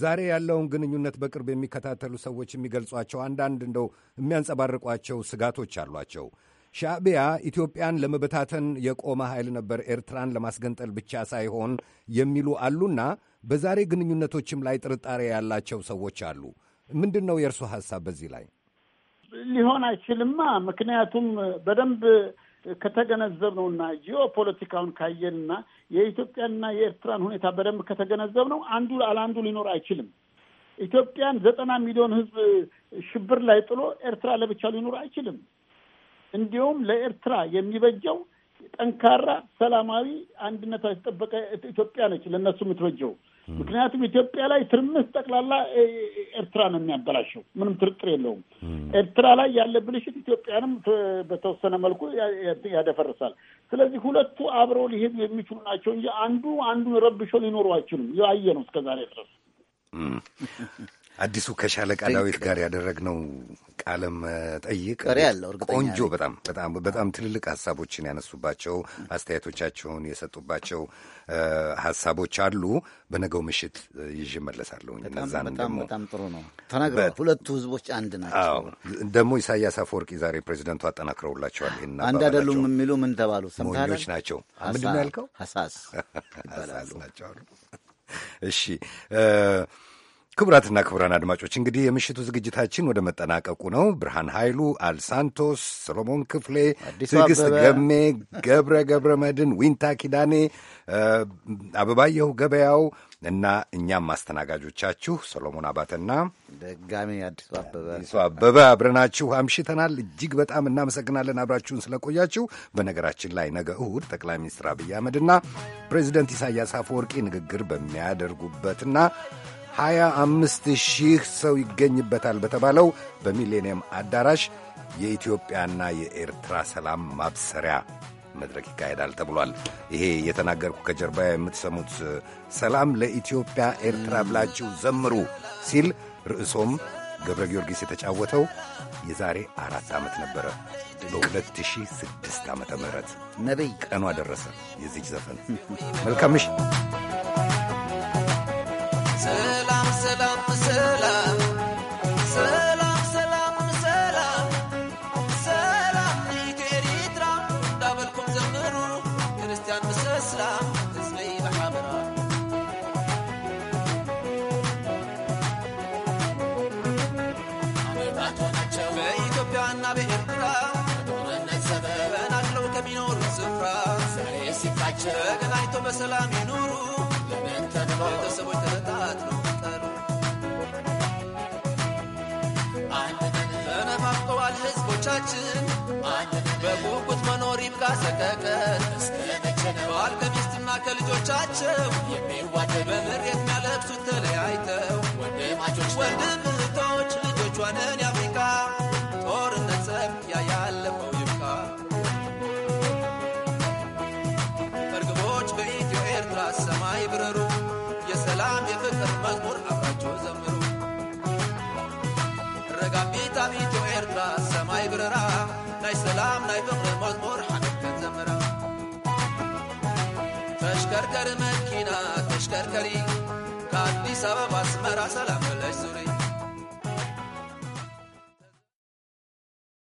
ዛሬ ያለውን ግንኙነት በቅርብ የሚከታተሉ ሰዎች የሚገልጿቸው አንዳንድ እንደው የሚያንጸባርቋቸው ስጋቶች አሏቸው። ሻዕቢያ ኢትዮጵያን ለመበታተን የቆመ ኃይል ነበር፣ ኤርትራን ለማስገንጠል ብቻ ሳይሆን የሚሉ አሉና በዛሬ ግንኙነቶችም ላይ ጥርጣሬ ያላቸው ሰዎች አሉ። ምንድን ነው የእርሶ ሀሳብ በዚህ ላይ? ሊሆን አይችልማ። ምክንያቱም በደንብ ከተገነዘብ ነው እና ጂኦ ፖለቲካውን ካየንና የኢትዮጵያና የኤርትራን ሁኔታ በደንብ ከተገነዘብ ነው አንዱ አለአንዱ ሊኖር አይችልም። ኢትዮጵያን ዘጠና ሚሊዮን ህዝብ ሽብር ላይ ጥሎ ኤርትራ ለብቻ ሊኖር አይችልም። እንዲሁም ለኤርትራ የሚበጀው ጠንካራ ሰላማዊ አንድነቷ የተጠበቀ ኢትዮጵያ ነች። ለእነሱ የምትበጀው ምክንያቱም ኢትዮጵያ ላይ ትርምስ ጠቅላላ ኤርትራ ነው የሚያበላሸው። ምንም ጥርጥር የለውም። hmm. ኤርትራ ላይ ያለ ብልሽት ኢትዮጵያንም በተወሰነ መልኩ ያደፈርሳል። ስለዚህ ሁለቱ አብረው ሊሄዱ የሚችሉ ናቸው እንጂ አንዱ አንዱን ረብሾ ሊኖሩ አይችሉም። ያየ ነው እስከዛሬ ድረስ hmm. አዲሱ ከሻለቃ ዳዊት ጋር ያደረግነው ቃለ መጠይቅ ቆንጆ፣ በጣም በጣም በጣም ትልልቅ ሀሳቦችን ያነሱባቸው አስተያየቶቻቸውን የሰጡባቸው ሀሳቦች አሉ። በነገው ምሽት ይዤ እመለሳለሁ። በጣም ጥሩ ነው ተናግረዋል። ሁለቱ ህዝቦች አንድ ናቸው። ደግሞ ኢሳያስ አፈወርቂ ዛሬ ፕሬዚደንቱ አጠናክረውላቸዋል። ይህና አንድ አይደሉም የሚሉ ምን ተባሉ? ሞኞች ናቸው። ምንድን ነው ያልከው? ሀሳስ ናቸው አሉ። እሺ ክቡራትና ክቡራን አድማጮች እንግዲህ የምሽቱ ዝግጅታችን ወደ መጠናቀቁ ነው። ብርሃን ኃይሉ፣ አልሳንቶስ፣ ሰሎሞን ክፍሌ፣ ትዕግስት ገሜ፣ ገብረ ገብረ መድን፣ ዊንታ ኪዳኔ፣ አበባየሁ ገበያው እና እኛም ማስተናጋጆቻችሁ ሰሎሞን አባተና ደጋሚ አዲሱ አበበ አብረናችሁ አምሽተናል። እጅግ በጣም እናመሰግናለን አብራችሁን ስለቆያችሁ። በነገራችን ላይ ነገ እሁድ ጠቅላይ ሚኒስትር አብይ አህመድና ፕሬዚደንት ኢሳያስ አፈወርቂ ንግግር በሚያደርጉበትና አምስት ሺህ ሰው ይገኝበታል በተባለው በሚሌኒየም አዳራሽ የኢትዮጵያና የኤርትራ ሰላም ማብሰሪያ መድረክ ይካሄዳል ተብሏል። ይሄ የተናገርኩ ከጀርባ የምትሰሙት ሰላም ለኢትዮጵያ ኤርትራ ብላችሁ ዘምሩ ሲል ርዕሶም ገብረ ጊዮርጊስ የተጫወተው የዛሬ አራት ዓመት ነበረ። በ2006 ዓ ም ነቢይ ቀኗ ደረሰ። የዚች ዘፈን መልካምሽ ሰላም ሰላም ሰላም ሰላም ሰላም ሰላም ንከይር ኤርትራ እንዳበልኩም ዘምሩ ክርስቲያን ምስ ከሚኖሩ ስፍራ ተገናኝቶ በሰላም ይኑሩ ለምን ተድሎ ቤተሰቦች ተበታት ታሪካችን በጉጉት መኖር ይብቃ ሰቀቀን ባል ከሚስትና ከልጆቻቸው በምሬት የሚያለቅሱት ተለያይተው ወንድም እህቶች ልጆቿንን ای مای بقل ماز مور حمید زمرا تشکر کرمت کینا تشکر کری کاتنی سبب اسمرا سلام لش زوری